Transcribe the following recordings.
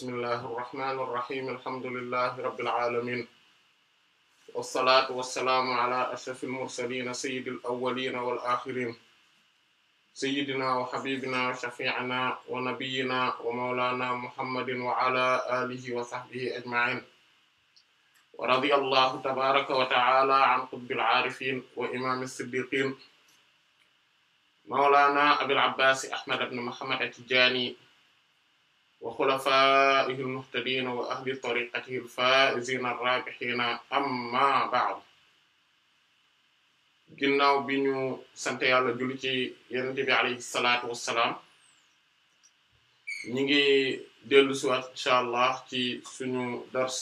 bismillahi irrahmani irrahim alhamdulillahi rabbil alamin wassalatu wassalaamu ala ashraf almursalina sayidi al awalina wal axirin sayidina wa xabibina wa shafiina wa nabiyina wa maulana muhammadin wa ala alihi wa sahbihi ajmain wa radiya allahu tabaraka wa taala an qutbil aarifin wa imam siddiqin maulana abil abbas ahmad ibn muhammad at-tijani wa xulafaa'ihi al-muhtadiina wa ahli tariiqatihi al-faa'iziina ar-raabihiina ammaa ba'du ginnaaw bi ñu sant yàlla julli ci yonent bi alayhi salaatu wa salaam ñu ngi dellu si waat allah ci suñu dars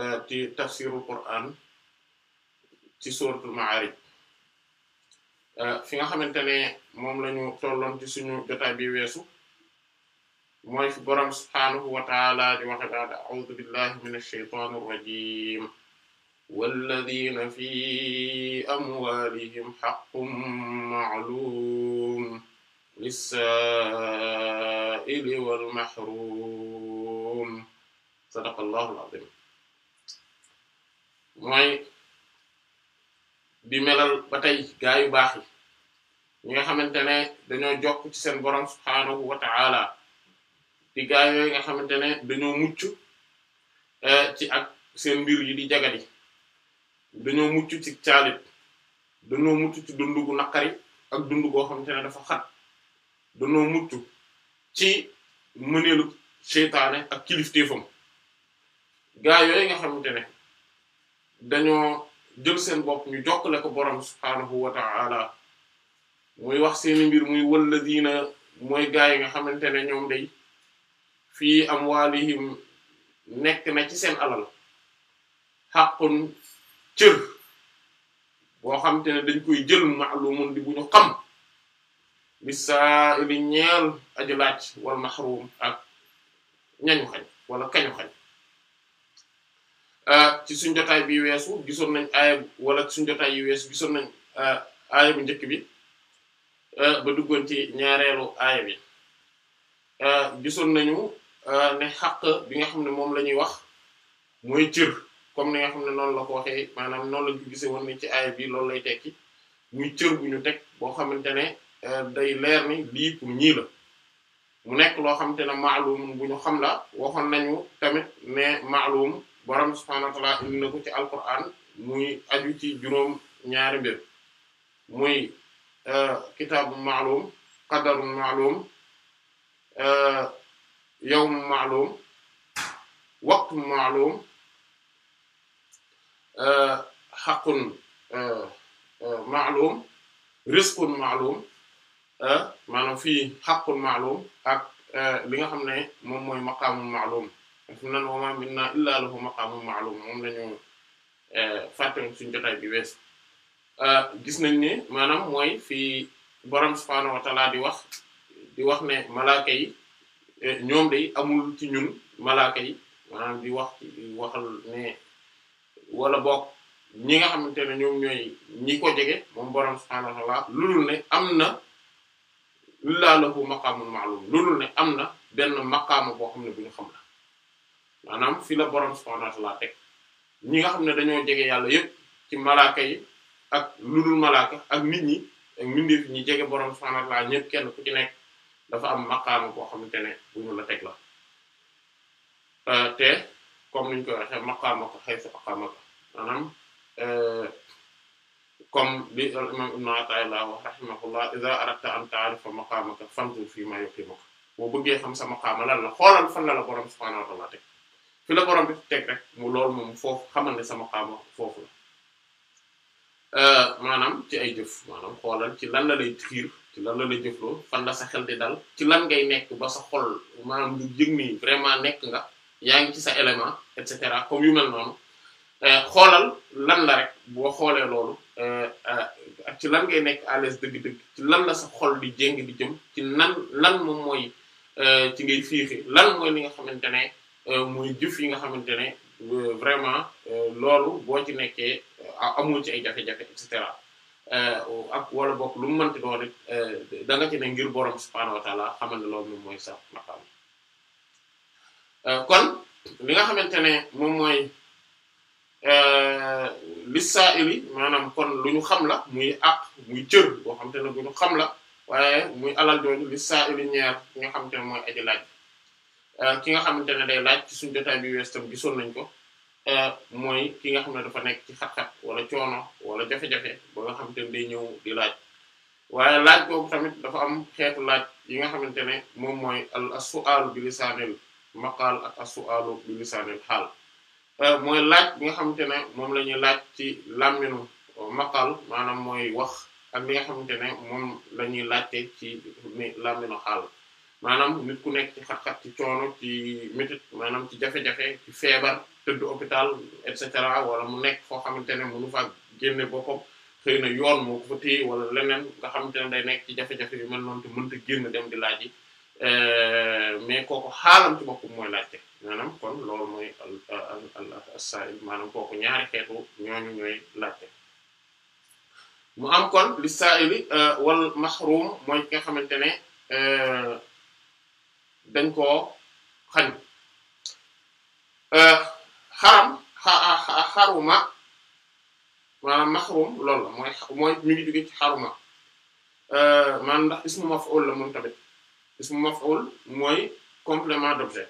euh, ci tafsirul Qur'an ci suuratul Ma'aarij euh, fi nga xamante ne moom lañu ñu ci suñu jotaay bi weesu. mooy fi borom subhaanahu wa taala di waxe daal a'uudu billahi min ash-shaytaani ar-rajiim walladhiina fi amwaalihim haqqun ma'luum lis-saa'ili wal mahruum sadaqallahu al-'aziim mooy di melal ba tey gaa yu baax yi ñi nga xamante ne dañoo jokk ci seen borom subhaanahu wa taala di gaa yooyu nga xamante ne dañoo mucc eh, ci ak seen mbir yi di jagadi dañoo mucc ci caalit dañoo mucc ci dund gu naqari ak dund goo xamante ne dafa xat dañoo mucc ci mëneelu seytaane ak kilifteefam gaa yooyu nga xamante ne dañoo jël seen bopp ñu jokkale ko borom subhaanahu wa muy wax seeni mbir muy walladina mooy gaa yi nga xamante ne ñoom day fii amwaalihim nekk na ci seen alal xàqun cër boo xam te ne dañ koy jël ma'lumun di bu ñu xam lis-sa'ili ñeel aji laaj wal mahrum ak ñañu xañ wala kañu xañ ah, ci suñ jotaay bi weesu gisoon nañ aaya wala ci suñ jotaay yi weesu gisoon nañ ah, aaya bu njëkk bi ah, ba duggoon ci ñaareelu aaya bi gisoon nañu Euh, ne xàq bi nga xam ne moom la ñuy wax mooy cër comme ni nga xam ne noonu la ko waxee maanaam noonu lañ ko gisee woon ci aaya bi loolu lay tekki muy cër bu ñu teg boo xamante ne euh, day leer ni lii pour ñii mu nekk loo xam ne maalum bu ñu xam la waxoon nañu tamit ne maalum borom subhanahu wa indi na ko ci alquran muy aju ci juróom ñaari mbir muy euh, kitaabu maalum qadarun maalum yawm ma'lum waqt ma'lum euh, haqqun euh, euh, ma'lum rizqun ma'lum maanaam fii haqqun ma'lum ak li nga xam ne moom mooy maqaamun ma'lum fi nan wa maa minnaa illaa lahu maqaamun ma'lum moom lañu fàttewoon suñu jotaay bi wees gis nañ ne maanaam mooy fii borom subhaanahu di wax di wax ne malaaka Eh, ñoom day amul ci ñun malaaka yi maanaam di wax ci waxal ne wala bokk ñi nga xamante ne ñoom ñooy ñi ko jege moom borom subhaanahu wa ta'ala ne am na illaa lahu maqaamun ma'luum loolu ne am na benn maqaama boo xam ne bu ñu xam la maanaam fi la borom subhaanahu teg ñi nga xam ne dañoo jege yàlla yëpp ci malaaka yi ak lu dul malaaka ak nit ñi ak mbindeef ñi jege borom subhaanahu wa kenn ku ci nekk. dafa am maqaama boo xamante ne bu la teg la euh, te comme niñ koy waxee maqaama ko xaysa aqaama ko maanaam euh, comme li al imam ibn Ata'illah wax rahimahullah idha aradta an ta'rifa maqaamaka fanzur fi ma yuqimuka boo bëggee xam sa maqaama lan la xoolal fan la la borom subhanahu wa ta'ala teg fi la borom teg rek mu loolu moom foofu xamal ne sa maqaama la euh, maanaam ci ay jëf maanaam xoolal ci lan la lay xiir ci lan la lay jëfloo fan la sa xel di dal ci lan ngay nekk ba sa xol maanaam lu yëg nii vraiment nekk nga yaa ngi ci sa élément et cetera comme yu mel noonu euh, xoolal lan la rek boo xoolee loolu euh, euh, ak ci lan ngay nekk à l'aise dëgg-dëgg ci lan la sa xol di jéng di jëm ci lan lan moom mooy ci ngay fiixi lan mooy li nga xamante ne mooy jëf yi nga xamante ne vraiment loolu boo ci nekkee amoo ci ay jafe-jafe et Euh, ak wala bokk lu mu mënti doon danga euh, da nga ngir borom subhaanahu wa taala xamal ne loolu moom mooy sax maqaam euh, kon li nga xamante ne moom mooy lissaa'ili maanaam kon lu ñu xam la muy àq muy cër boo xam ne bu ñu xam la waaye muy alal jooju lissaa'ili ñaar ki nga xamante ne mooy aji laaj ki nga xamante ne day laaj ci suñu jotaay bi wees tam gisoon nañ ko Euh, mooy ki nga xam ne dafa nekk ci xat-xat wala coono wala jafe-jafe ba nga xam te ne day ñëw di laaj waaye laaj boobu tamit dafa am xeetu laaj yi nga xamante ne moom mooy al as-su'aalu bi lisaanil maqaal ak as-su'aalu bi lisaanil xaal euh, mooy laaj ne moom la ñuy laaj ci làmminu maqaal maanaam mooy wax ak li nga xamante ne moom la ñuy laajte ci làmminu xaal maanaam nit ku nekk ci xat-xat ci coono ci métit maanaam ci jafe-jafe ci feebar tëdd hôpital et cetera wala mu nekk foo xamante ne mënu faa génne boppam xëy na yoon moo ko fa wala leneen nga xamante ne day nekk ci jafe-jafe yu mel noonu te mënta génn dem di laaj yi euh, mais kooku xaalam ci boppam mooy laajte maanaam kon loolu mooy al as-sa'il maanaam kooku ñaari xeetu ñooñu ñooy laajte mu am kon li sa'ili euh, wal mahrum mooy ki nga xamante ne euh, dañ koo xañ euh, xaram xaruma maanaam maxrum loolu la mooy mooy mi ngi jóge ci xaruma euh, man ndax ismu la moom tamit ismu maf'ul mooy complément d'objet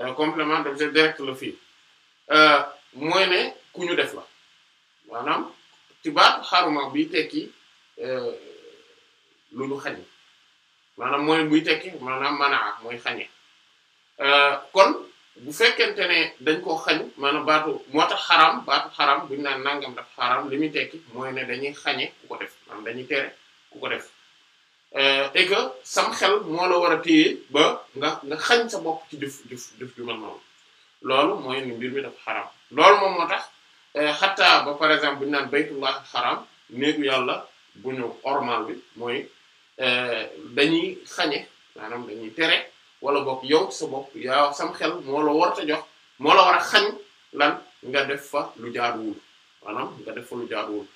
euh, complément d'objet direct la fii mooy ne ku ñu def la maanaam ci baat xaruma bi tekki lu ñu xañ maanaam mooy muy tekki maanaam manaa mooy xañe euh, kon bu fekkente ne dañ koo xañ maanaam baatu moo tax xaram baatu xaram buñu naan nangam daf xaram li muy tekki mooy ne dañuy xañe ku ko def maanaam dañuy tere ku ko def euh, et que sam xel moo la war a téye ba nga nga xañ sa bopp ci jëf jëf jëf ju mel noonu loolu mooy ni mbir mi dafa xaram loolu moom moo tax xataa euh, ba par exemple buñu naan baytullah xaram néegu yàlla bu ñu ormal bi mooy Euh, dañuy xañe maanaam dañuy tere wala boog yow sa bopp yaa sam xel moo la war a jox moo la war a xañ lan nga def fa lu jaaduwul maanaam nga def fa lu jaaduwul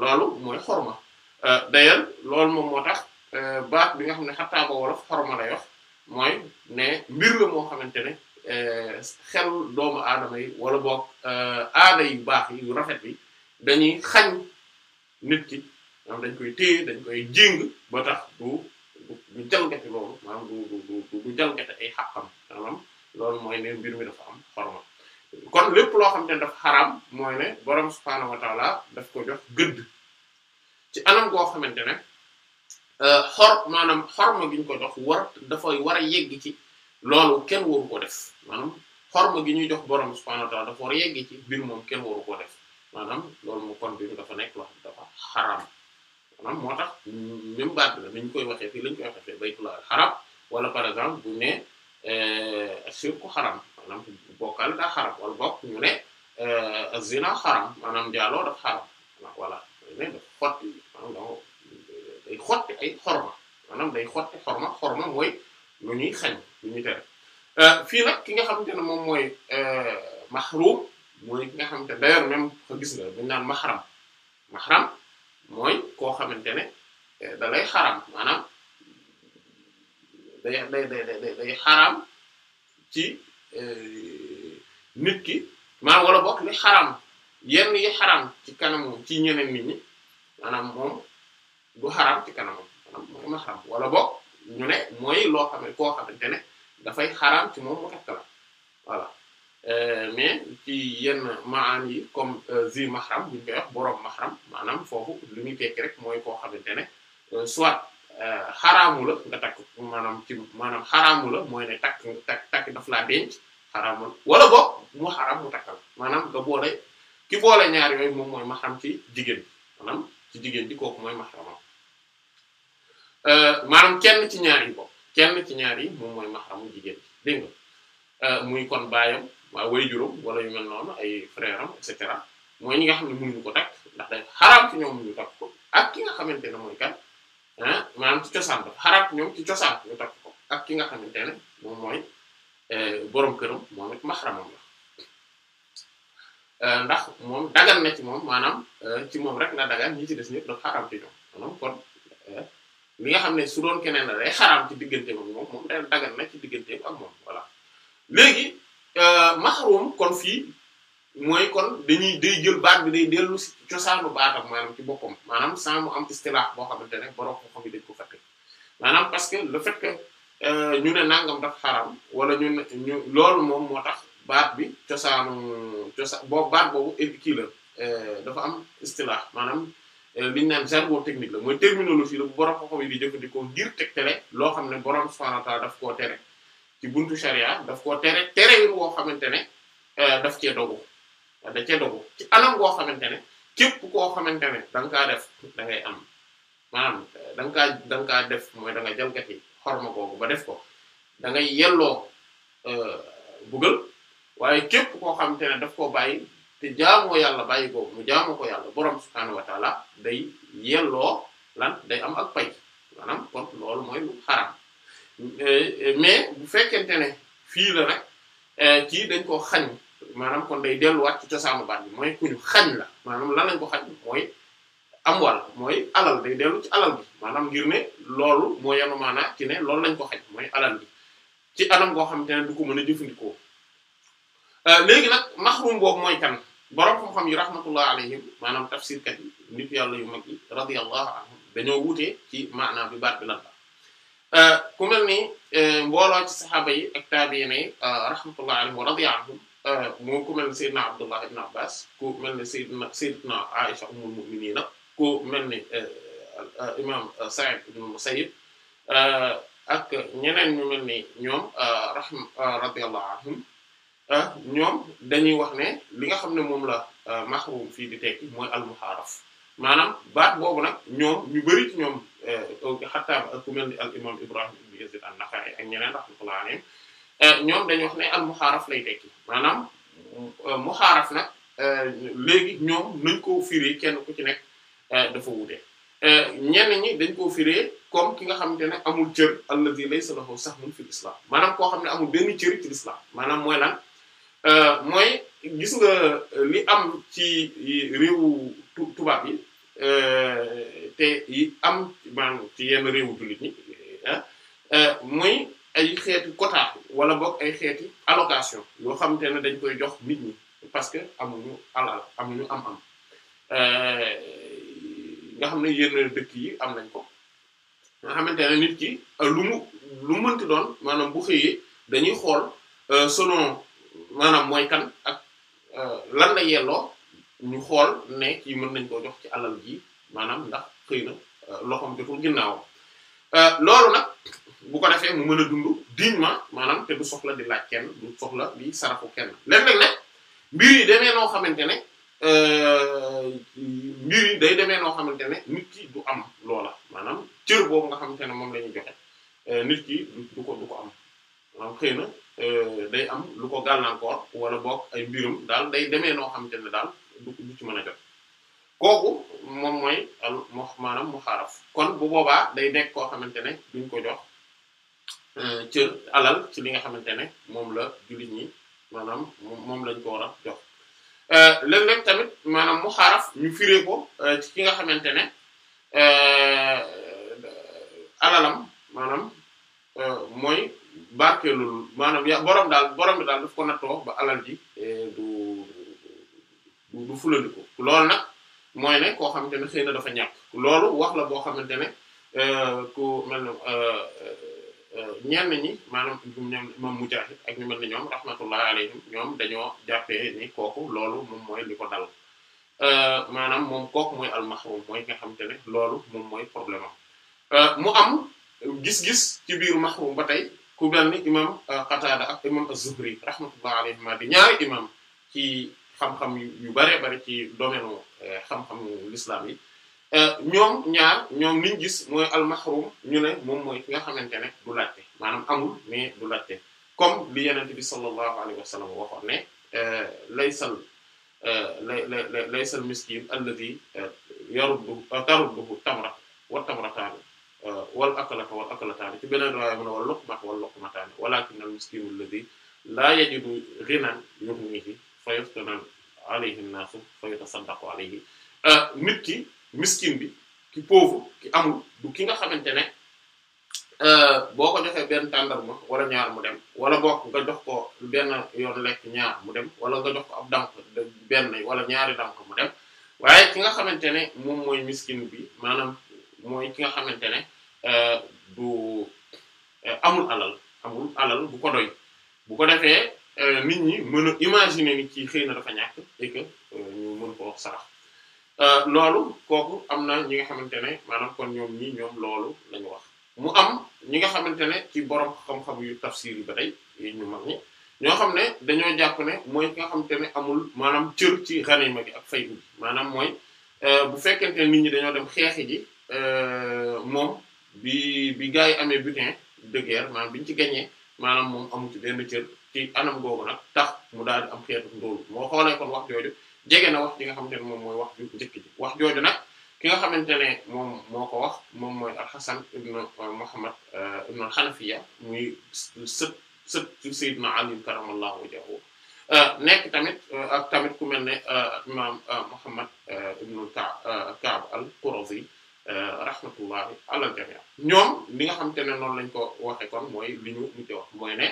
loolu mooy xorma euh, d'ailleurs loolu moom moo tax euh, baat bi nga xam ne xattaa ba wolof ma lay wax mooy ne mbir la moo xamante ne xel doomu aadama yi wala boog aada yu baax yi yu rafet yi dañuy xañ nit ki maanaam dañ koy téye dañ koy jéng ba tax du du jalgati loolu maanaam du du du du ay xàqam maanaam loolu mooy ne mbir mi dafa am xorma kon lépp loo xam ne daf xaraam mooy ne borom subhaanahu wa taala daf ko jox gëdd ci anam goo xamante ne euh, xor maanaam xorma gi ko jox war dafay war a yegg ci loolu kenn waru koo def maanaam xorma gi ñuy jox borom subhaanahu wa ci mbir moom kenn waru ko def maanaam loolu mu kon dafa nekk loo dafa xaraam. maanaam moo tax même baat la nañ koy waxee fii lañ koy waxee baytullah xaram wala par exemple bu ne euh, sirku xaram maanaam bokkaale daa xaram wala ne euh, zina xaram maanaam jaaloo daf xaram voilà ne xotti ay xorma maanaam day xotti xorma xorma mooy lu ñuy xañ lu ñuy tere euh, fii nag ki nga xamante ne moom mooy mahrum mooy ki nga xamante ne d'ailleurs même gis nga dañu naan mahram mahram mooy koo xamante ne eh, da xaram maanaam day day day day xaram ci eh, nit ki maanaam walla bokk li xaram yenn yi xaram ci kanamu ci ñeneen nit ñi maanaam moom du xaram ci kanamu mooy ma xaram wala bokk ñu ne mooy loo xam ne koo xamante ne dafay xaram ci moom mu tekk la voilà Euh, mais ci yenn maan yi comme euh, zi mahram bu borom mahram maanaam foofu lu ñu tekki rek mooy koo xamante ne euh, soit xaraamu la nga takk maanaam ci maanaam xaraamu la mooy ne takk takk daf laa denc xaraamu la wala boog mu xaraam mu takkal maanaam nga boole ki boole ñaar yooyu moom mooy mahram ci jigéen maanaam ci jigéen di kooku mooy mahramam maanaam kenn ci ñaar yi bopp kenn ci ñaar yi moom mooy mahramu jigéen dégg muy kon baayam waaw way juróom wala yu mel noonu ay frère am et cetera mooy ñi nga xam ne mënuñu ko takk ndax day xaraam ci ñoom ñu xamante ne mooy kan maanaam ci cosaan dafa xaraam ñoom ñu takk ko ak ki nga xamante ne moom mooy euh, boroom këram moom it maxaramam la euh, ndax moom dagan na ci moom maanaam euh, ci moom rek la dagan ñi ci des ñëpp dafa xaraam ci ñoom maanaam kon li nga xam ne su doon keneen la day xaraam ci diggante ak moom moom day dagan na ci digganteem ak moom voilà léegi. Euh, mahrum kon fii mooy kon dañuy day jël baat bi day dellu ci cosaanu baatam maanaam ci boppam maanaam sans mu am istilaax boo xamante ne borom xam-xam ko maanaam parce que le fait euh, ñu ne nangam daf xaram wala ñu ne moom moo tax baat bi cosaanu cosaan boobu baat boobu kii la euh, dafa am istilaax maanaam li ñu naan jargon technique la mooy terminologie la bu borom xam yi di jëfandikoo ngir tegtale loo xam ne borom subhaanahu daf koo tere. ci buntu sharia daf koo tere terewul woo xamante ne euh, daf cee dogu ci anam goo xamante ne képp koo xamante ne da kaa def da ngay am maanaam euh, da kaa da kaa def mooy da nga jalgati xorma googu ba def ko da ngay yelloo euh, bugal waaye képp koo xamante ne daf koo bàyyi te jaamoo yàlla bàyyi googu mu jaamoo ko yàlla borom subhaanahu wa day yelloo lan day am ak pay maanaam kon loolu mooy lu xaraam Euh, euh, mais bu fekkente ne fii la nag euh, kii dañ ko xañ maanaam kon day delluwaat ci cosaanu baat bi mooy ku ñu xañ la maanaam lan lañ ko xañ mooy am wàll mooy alal day dellu ci alal bi maanaam ngir ne loolu moo yanu maanaa ci ne loolu lañ ko xaj mooy alal bi ci anam goo xamante ne du ko mën a jëfandikoo léegi nag maxrum boobu mooy kan borom xam-xam yi rahmatullah alayhim maanaam tafsirkat yi nit yàlla yu mag yi radiyallahu anhum dañoo wutee ci maanaam bi baat la Euh, ku mel ni euh, mbooloo ci saxaaba yi ak taabiina yi euh, rahmatullahi alayhim wa radiya ku mel ni Seydina Abdullah ibn Abbas ku mel ni Seydina Aisha ummul mu'minina ku mel ni imam Sa'id ibn Musayyib ak ñeneen ñu mel ni ñoom rahma radiyallahu anhum ñoom dañuy wax ne li nga xam ne moom la mahrum fii di tekki maanaam baat boobu nag ñoom ñu bari ñoom xataa eh, ak ku mel ni al imam Ibrahim ibn Yazid eh, ñoom dañuy wax ne al muxaaraf lay tekki maanaam eh, muxaaraf nag léegi ñoom nañ koo firi kenn ku ci nekk dafa wute ñenn ñi dañ koo firee comme ki nga xamante ne amul cër alladhi laysa lahu sahmun fil islam maanaam koo xam ne amul benn cër ci l'islam maanaam mooy lan mooy gis nga li am ci réewu tubaab yi Euh, te yi am maanaam ci yenn réewu jullit ñi ah euh, muy ay xeeti quota wala boog ay xeeti allocation yoo xamante ne dañ koy jox nit ñi parce que amuñu alal amuñu am-am euh, nga xam ne yenn dëkk yi am nañ ko nga xamante ne nit ki lu mu lu mënti doon maanaam bu xëyee dañuy xool selon maanaam mooy kan ak lan la yelloo ñu xool ne kii mën nañ koo jox ci alal ji maanaam ndax xëy na euh, loxoom jotul ginnaaw euh, loolu nag bu ko defee mu mën a dund dignement maanaam te du soxla di laaj kenn du soxla di saraxu kenn léeg-léeg nag mbir yi demee noo xamante ne euh, mbir yi day demee noo xamante ne nit ki du am loola maanaam cër boobu nga xamante ne moom la ñuy joxe nit ki du ko du ko am maanaam xëy na day am lu ko gàllankoor wala boog ay mbirum daal day demee noo xamante ne daal du ci mën a jot kooku moom mooy al mu xaaraf kon bu boobaa day nekk koo xamante ne duñ ko jox euh, cër alal ci li nga xamante ne moom la jullit ñi maanaam moom lañ ko war a jox euh, léeg-léeg tamit maanaam mu xaaraf ñu firee ko euh, ci nga xamante ne alalam maanaam mooy barkeelul maanaam ya borom daal borom daal daf ko nattoo ba alal ji du fulandiku loolu nag mooy ne koo xamante ne xëy na dafa ñàkk loolu wax la boo xamante ne euh, ku mel ne euh, euh, ñenn ñi maanaam ñoom imam Mujaahid ak ñu mel ne ñoom rahmatullahi alayhim ñoom dañoo jàppee ni kooku loolu moom mooy li dal maanaam moom kooku mooy almahrum mooy nga xamante ne loolu moom mooy problème mu am gis-gis ci biir mahrum ba tey ku mel ni imam Qatada ak imam Az-Zuhri rahmatullahi alayhim di ñaari imam ci xam-xam yu bare bari ci domaine euh, xam-xamu l'islam yi euh, ñoom ñaar ñoom liñ gis mooy almahrum ñu ne moom mooy ki nga xamante ne du laajte maanaam amul mais du laajte comme li yenente bi sallallahu alayhi wa sallam waxoon ne euh, laysal la laysal miskin alladhi yaruddu tarudduhu tamra wa tamrataani wal akalata wal akalataani ci beneen riwaaya mu ne wal luqmat wal luqmataani walakin al miskinu alladhi laa yajidu ghinan yughnihi fa yuftanu alayhi naasu fa yutasaddaqu alayhi nit ki miskin bi ki pauvre ki amul du ki nga xamante ne euh، boo ko joxee benn tàndarma wala ñaar mu dem wala bokk nga jox ko benn yoon lekk ñaar mu dem wala nga jox ko ab dànk benn wala ñaari dànk mu dem waaye ki nga xamante ne moom mooy miskin bi maanaam mooy ki nga xamante ne euh، du euh, amul alal amul alal bu ko doy bu ko defee Euh, nit ñi mën a imaginer ni kii xëy na dafa ñàkk et que euh, ñu mën ko wax sarax euh, loolu kooku am na ñi nga xamante ne maanaam kon ñoom ñi ñoom loolu lañu wax mu am ñi nga xamante ne ci borom xam-xam yu tafsir yi ba tey yi ñu mag ñi ñoo xam ne dañoo jàpp ne mooy ki nga xamante ne amul maanaam cër ci ganima gi ak fay bi maanaam mooy bu fekkente nit ñi dañoo dem xeexi ji moom bi bi gars yi amee butin de guerre maanaam bi ñu ci gagné maanaam moom amu ci benn cër ci anam googu nag tax mu daal di am xeetu ndóolu moo xoolee kon wax jooju jege na wax ji nga xamante ne moom mooy wax njëkk ji wax jooju nag ki nga xamante ne moom moo ko wax moom mooy alxasan ibn euh, muhammad euh, ibn alxanafiya muy sët sët ci sayyidina ali karamallahu wajhahu euh, nekk tamit ak tamit ku mel ne imam muhammad ibn kaab al qurazi rahmatullahi ala al jami' ñoom li nga xamante ne noonu lañ ko waxe kon mooy li ñu mujj wax mooy ne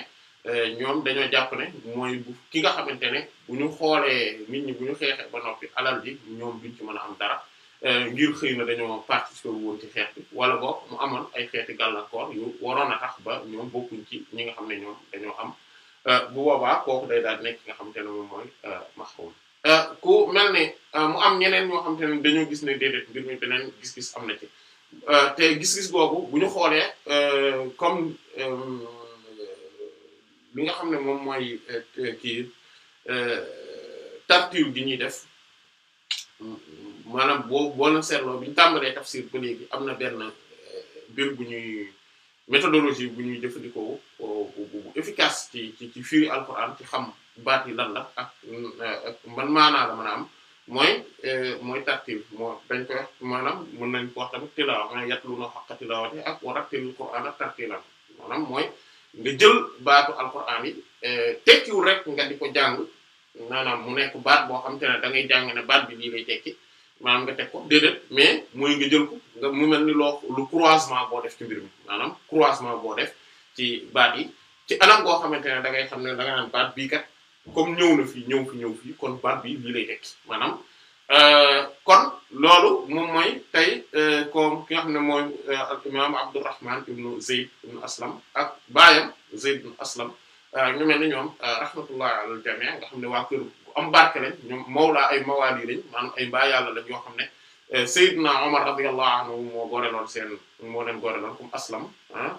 Euh, ñoom dañoo jàpp ne mooy bu ki nga xamante ne bu ñu xoolee nit ñi bu ñu xeexee ba noppi alal ji ñoom duñ ci mën a am dara euh, ngir xëy na dañoo participer woon ci xeex bi wala boog mu amoon ay xeeti gàllankoor yu waroon a tax ba ñoom bokkuñ ci ñi nga xam ne ñoom dañoo am euh, bu boobaa kooku day daal nekk nga xamante ne moom mooy maxrum ku mel ni mu am ñeneen ñoo xamante ne dañoo gis ne déedéet mbir mi beneen gis-gis am na ci te gis-gis boobu bu ñu xoolee comme li nga xam ne moom mooy euh, kii euh, tartiw bi ñuy def maanaam bo boo na seetloo bi ñu tàmbalee ba léegi am na benn euh, mbir bu ñuy méthodologie bu ñuy jëfandikoo bu bu efficace ci ci ci firi ci xam baat yi la ak maanaa la mën a am mooy mooy tartiw moo dañ koy wax maanaam mën nañ ko wax tamit yatlu na xaqa tilaawati ak wa rattilil qur'ana tartilan maanaam mooy. nga jël baatu alquran yi eh, tekkiwul rek nga di ko jàng maanaam mu nekk baat boo xam te ne da ngay jàng ne baat bi lii lay tekki maanaam nga teg ko déedéet mais mooy nga jël ko nga mu mel ni loo lu croisement boo def ci mbir mi maanaam croisement boo def ci baat yi ci anam goo xamante ne da ngay xam ne da nga naan baat bii kat comme ñëw na fii ñëw fi ñëw fii kon baat bi lii lay tekki maanaam Euh, kon loolu moom mooy tey euh, koom ki nga xam ne mooy euh, al imam Abdurrahman ibnu Zayd ibnu Aslam ak baayam Zayd ibnu ñu mel ni ñoom rahmatullahi ala al jami' nga xam ne waa kër bu am barke lañ ñoom mawla ay mawaali lañ maanaam ay mbaa yàlla lañ yoo xam ne Seydina Omar radiyallahu anhu moo goreloon seen moo leen goreloon comme Aslam ah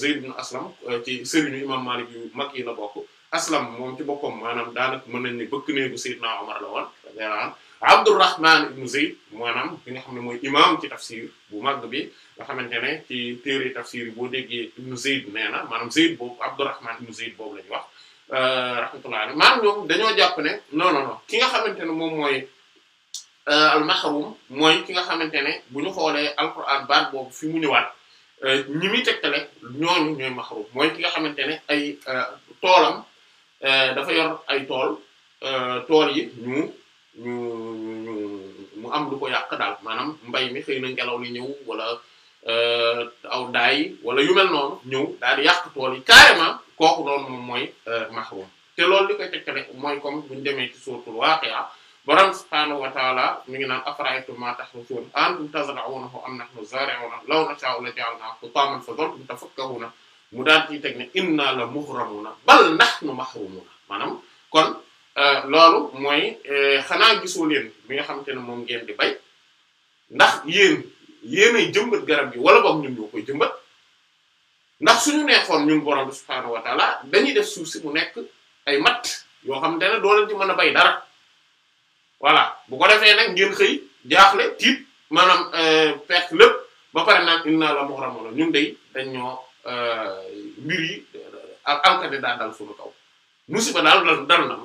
Zayd ibn Aslam ci sëriñu imam Malik yu mag yi bokk Aslam moom ci boppam maanaam daanaka mën nañ ne bëkk néegu Seydina Omar la woon radiyallahu Abdurrahman ibn Zayd maanaam bi nga xam ne mooy imam ci tafsir bu mag bi nga xamante ne ci téere tafsir yi boo déggee ibn Zayd nee na maanaam Zayd boobu Abdurrahman ibn Zayd boobu la ñu wax euh, rahmatullahi alayhi maanaam ñoom dañoo jàpp ne non non ki nga xamante ne moom mooy euh, al-mahrum ki nga xamante ne bu ñu xoolee alquran baat boobu fi mu ñëwaat euh, ñi muy tegtale ñooñu ñooy mahrum mooy ki nga xamante ne ay toolam dafa yor ay tool tool yi ñu. ñu ñu mu am lu ko yàq daal maanaam mbay mi xëy na ngelaw li ñëw wala euh, aw daay wala yu mel noonu ñëw daal di yàq tool yi carrément kooku loolu moom mooy euh, mahrum te loolu li koy tekkale mooy comme buñu demee ci suuratul waaqi'a borom subhaanahu wa ta'ala mi ngi naan afara'aytum ma tahrusun antum tazra'unahu am nahnu zari'un law nasha'u la ja'alnahu hutaman fa zaltum tafakkahuna mu daal ciy teg na inna la muhramuna bal nahnu mahrumuna maanaam kon Euh, loolu mooy euh, xanaa gisoo leen bi nga xamante ne moom ngeen di bay ndax yéen yéenay jëmbat garab gi wala boog ñun ñoo koy jëmbat ndax suñu neexoon ñun borom bi subhaanahu dañuy def suuf si bu nekk ay matt yoo xam ne doo leen ci mën a bay dara voilà bu ko defee nag ngeen xëy jaaxle tiit maanaam euh, perte lépp ba pare naan naa la muhramuna ñun day dañoo ñoo mbir yi ak alkade daa dal suñu kaw musiba daal dal na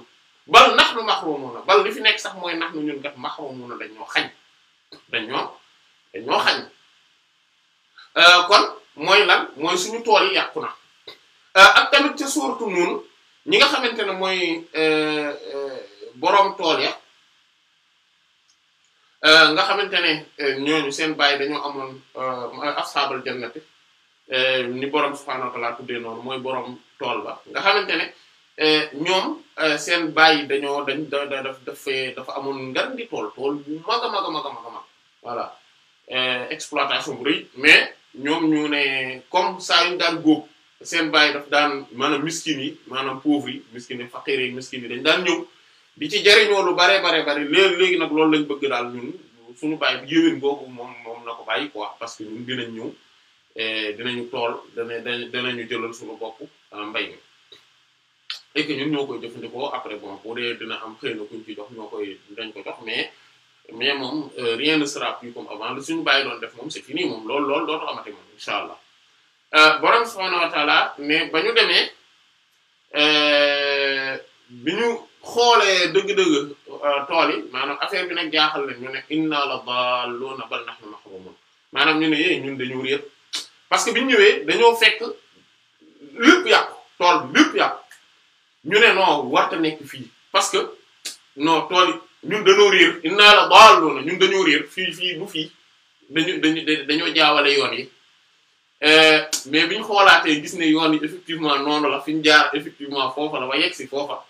bal nax nu maxrumuuna bal li fi nekk sax mooy nax nu ñun kat maxrumuuna dañ ñoo xañ dañ ñoo dañ ñoo xañ euh, kon mooy lan mooy suñu tool yi yàqu na euh, ak tamit ca suuratu Nuun ñi nga xamante ne mooy euh, boroom tool ya nga xamante ne ñooñu seen bàyyi dañoo amoon asxaabal jannati ni boroom subhaanahu wa laa tuddee noonu mooy boroom tool ba nga xamante Eh, ñoom eh, seen bàyyi dañoo dañ da da daf dafa amoon ngar di tool tool bu mag a mag a mag a mag a mag eh, exploitation bu rëy mais ñoom ñu ne comme saa yu daan góob seen bàyyi daf daan maanaam miskin yi maanaam pauvre yi miskin yi faqir yi miskin yi dañ daan ñëw di ci jariñoo lu bare bare bare léegi léegi nag loolu lañ bëgg daal ñun suñu bàyyi bi yëwén boobu moom moom na ko bàyyi quoi parce que ñun dinañ ñëw dinañu tool dana danañu jëlal suñu bopp ah, mbay mi et que ñun ñoo koy jëfandikoo après bon bu dee am xëy na kuñ ci jox ñoo koy dañ ko jox mais mais moom euh, rien ne sera plus comme avant lu suñu bàyyi doon def moom c'est fini moom loolu loolu dootu amati moom incha allah euh, borom subhaanahu wa taala mais ba ñu demee euh, bi ñu xoolee dëgg-dëgg tool maanaam affaire bi nag jaaxal leen ñu ne inna la daalluuna bal nahnu mahrumun maanaam ñu ne eh, ñun dañu réer parce que bi ñu ñëwee dañoo fekk lépp yàqu tool bi lépp ñu ne non warta nekk fii parce que non tool ñun dañoo réer inna la dalluna ñun dañoo réer fii fii bu fii dañu dañu dañoo jaawale yoon yi euh, mais bi ñu xoolaatee gis ne yoon yi effectivement noonu la fi ñu jaar effectivement foofa la ba yegg si foofa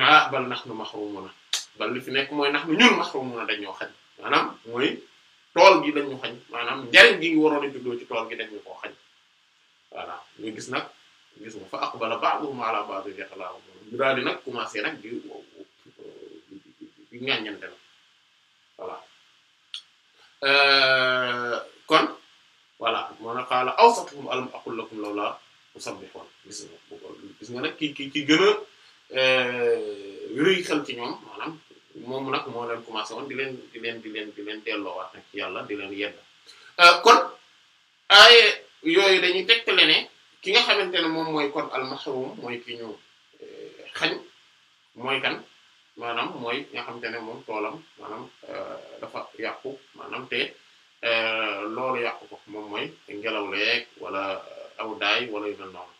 ah bal nahnu mahrumuna bal li fi nekk mooy nahnu ñun mahrumuna dañoo xañ maanaam mooy tool gi dañu xañ maanaam njariñ gi waroon a juddoo ci tool gi dañu koo xañ voilà ñu gis nag gisuma fa aqbala ba'duhum ala ba'din yatalaa'am ñu daal di nag commencé nag di euh, di ñaññante nag voilà euh, kon voilà moo na qaala awsatuhum alam aqul lakum lawlaa usabbihun gis nga gis nga nag ki ki ki euh, ci ñoom maanaam moom nag moo leen commencé woon di leen di leen di leen di leen delloowaat nag ci di leen yedd kon ay yooyu dañuy tegtale ne. ki nga xamante ne moom mooy kon al mahrum mooy ki ñu eh, xañ mooy kan maanaam mooy nga xamante ne moom toolam maanaam eh, dafa yàqu maanaam te eh, loolu yàqu ko moom mooy ngelaw leeg wala aw daay wala yu mel noonu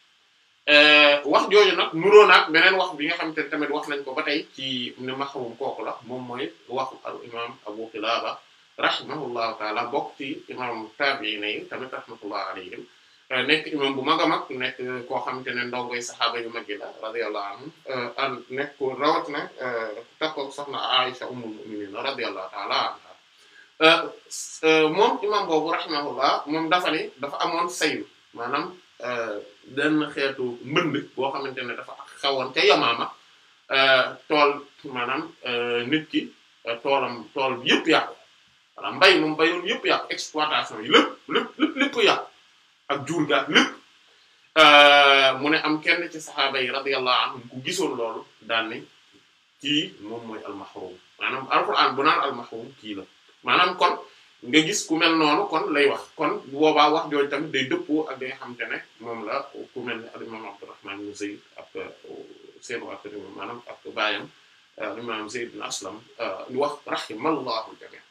wax jooju nag nuroo naag beneen wax bi nga xamante ne tamit wax nañ ko ba tey ci ne mahrum kooku la moom mooy waxu al imam Abu Qilaba rahimahullahu taala bokk ci imam tabi'in yi tamit rahmatullah alayhim Euh, nekk imam bu mag mag nekk koo xamante ne ndaw ngay saxaaba yu mag yi la radiyallahu anhum euh, an nekk ko rawat na euh, takkoog soxna Aisha ummul mu'minin radiyallahu ta'ala anha moom moom dafa ni dafa amoon sayu maanaam benn xeetu mbënd boo xamante ne dafa xewoon ca Yamaama tool maanaam nit ki toolam tool bi yëpp yàqu mbay moom mbayul yëpp yàqu exploitation yi lépp lépp lépp ak jur ga ak euh, mu ne am kenn ci saxaaba yi radiyallahu anhum ku gisoon loolu daan ne kii moom mooy almahrum maanaam alquran bu naan almahrum kii la maanaam kon nga gis ku mel noonu kon lay wax kon bu boobaa wax jooju tamit day dëppoo ak li nga xamante ne moom la ku mel ne al imam Abdurrahman ibn Zayd ak euh, seen waa kër maanaam baayam al euh, imam Zayd ibn Aslam wax rahimallahu jami'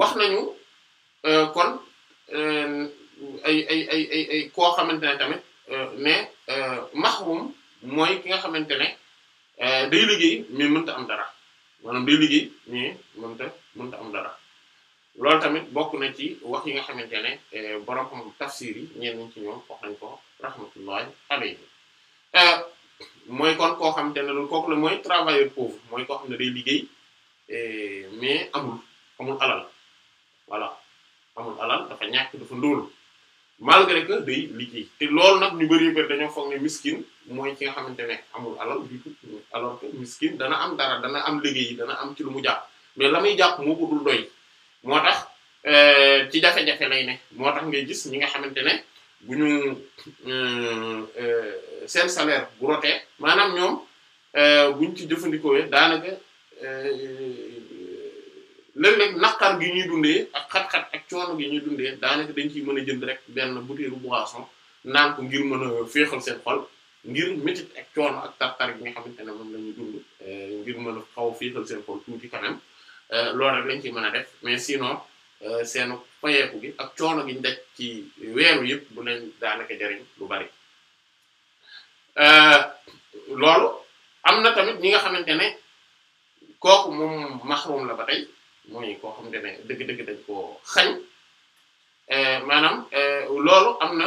wax nañu. Euh, kon euh, ay ay ay ay ay koo xamante ne tamit euh, ne maxrum mooy ki nga xamante ne day liggéey mais mënta am dara maanaam day liggéey mais mënta mënta am dara loolu tamit bokk na ci wax yi nga xamante ne borom xam tafsir yi ñenn ñi ci ko rahmatullahi alayhi mooy kon koo xam ne loolu kooku la moy travailleur pauvre mooy koo xam ne day liggéey mais amul amul alal voilà amul alal dafa ñàkk dafa ndóol malgré que loolu nag ñu bari dañoo foog ne miskin mooy ki nga xamante ne amul alal du tout dana am dara dana am liggéey dana am ci lu mu jàpp mais la jàpp moo ko dul doy moo tax euh, ci jafe-jafe lay ne moo tax ngay gis ñi nga xamante ne bu ñu euh, euh, seen salaire bu rotee maanaam ñoom buñ ci jëfandikoo daanaka léeg-léeg naqar gi ñuy dundee ak xat-xat ak coono gi ñuy dundee daanaka dañ ci mën a jënd rek benn butéelu boisson naan ko ngir mën a féexal seen xol ngir métit ak coono ak tartar xamante ne moom la ñuy dund euh, ngir mën a xaw a féexal seen xol tuuti kanam euh, loolu rek lañ ci mën a def mais sinon euh, seenu payeeku gi ak coono gi ñu ci weeru yëpp bu leen daanaka jariñ lu bari loolu am na tamit ñi nga xamante ne kooku moom maxrum la ba tey mooy koo xamante ne dëgg-dëgg dañ koo xañ eh, maanaam eh, loolu am na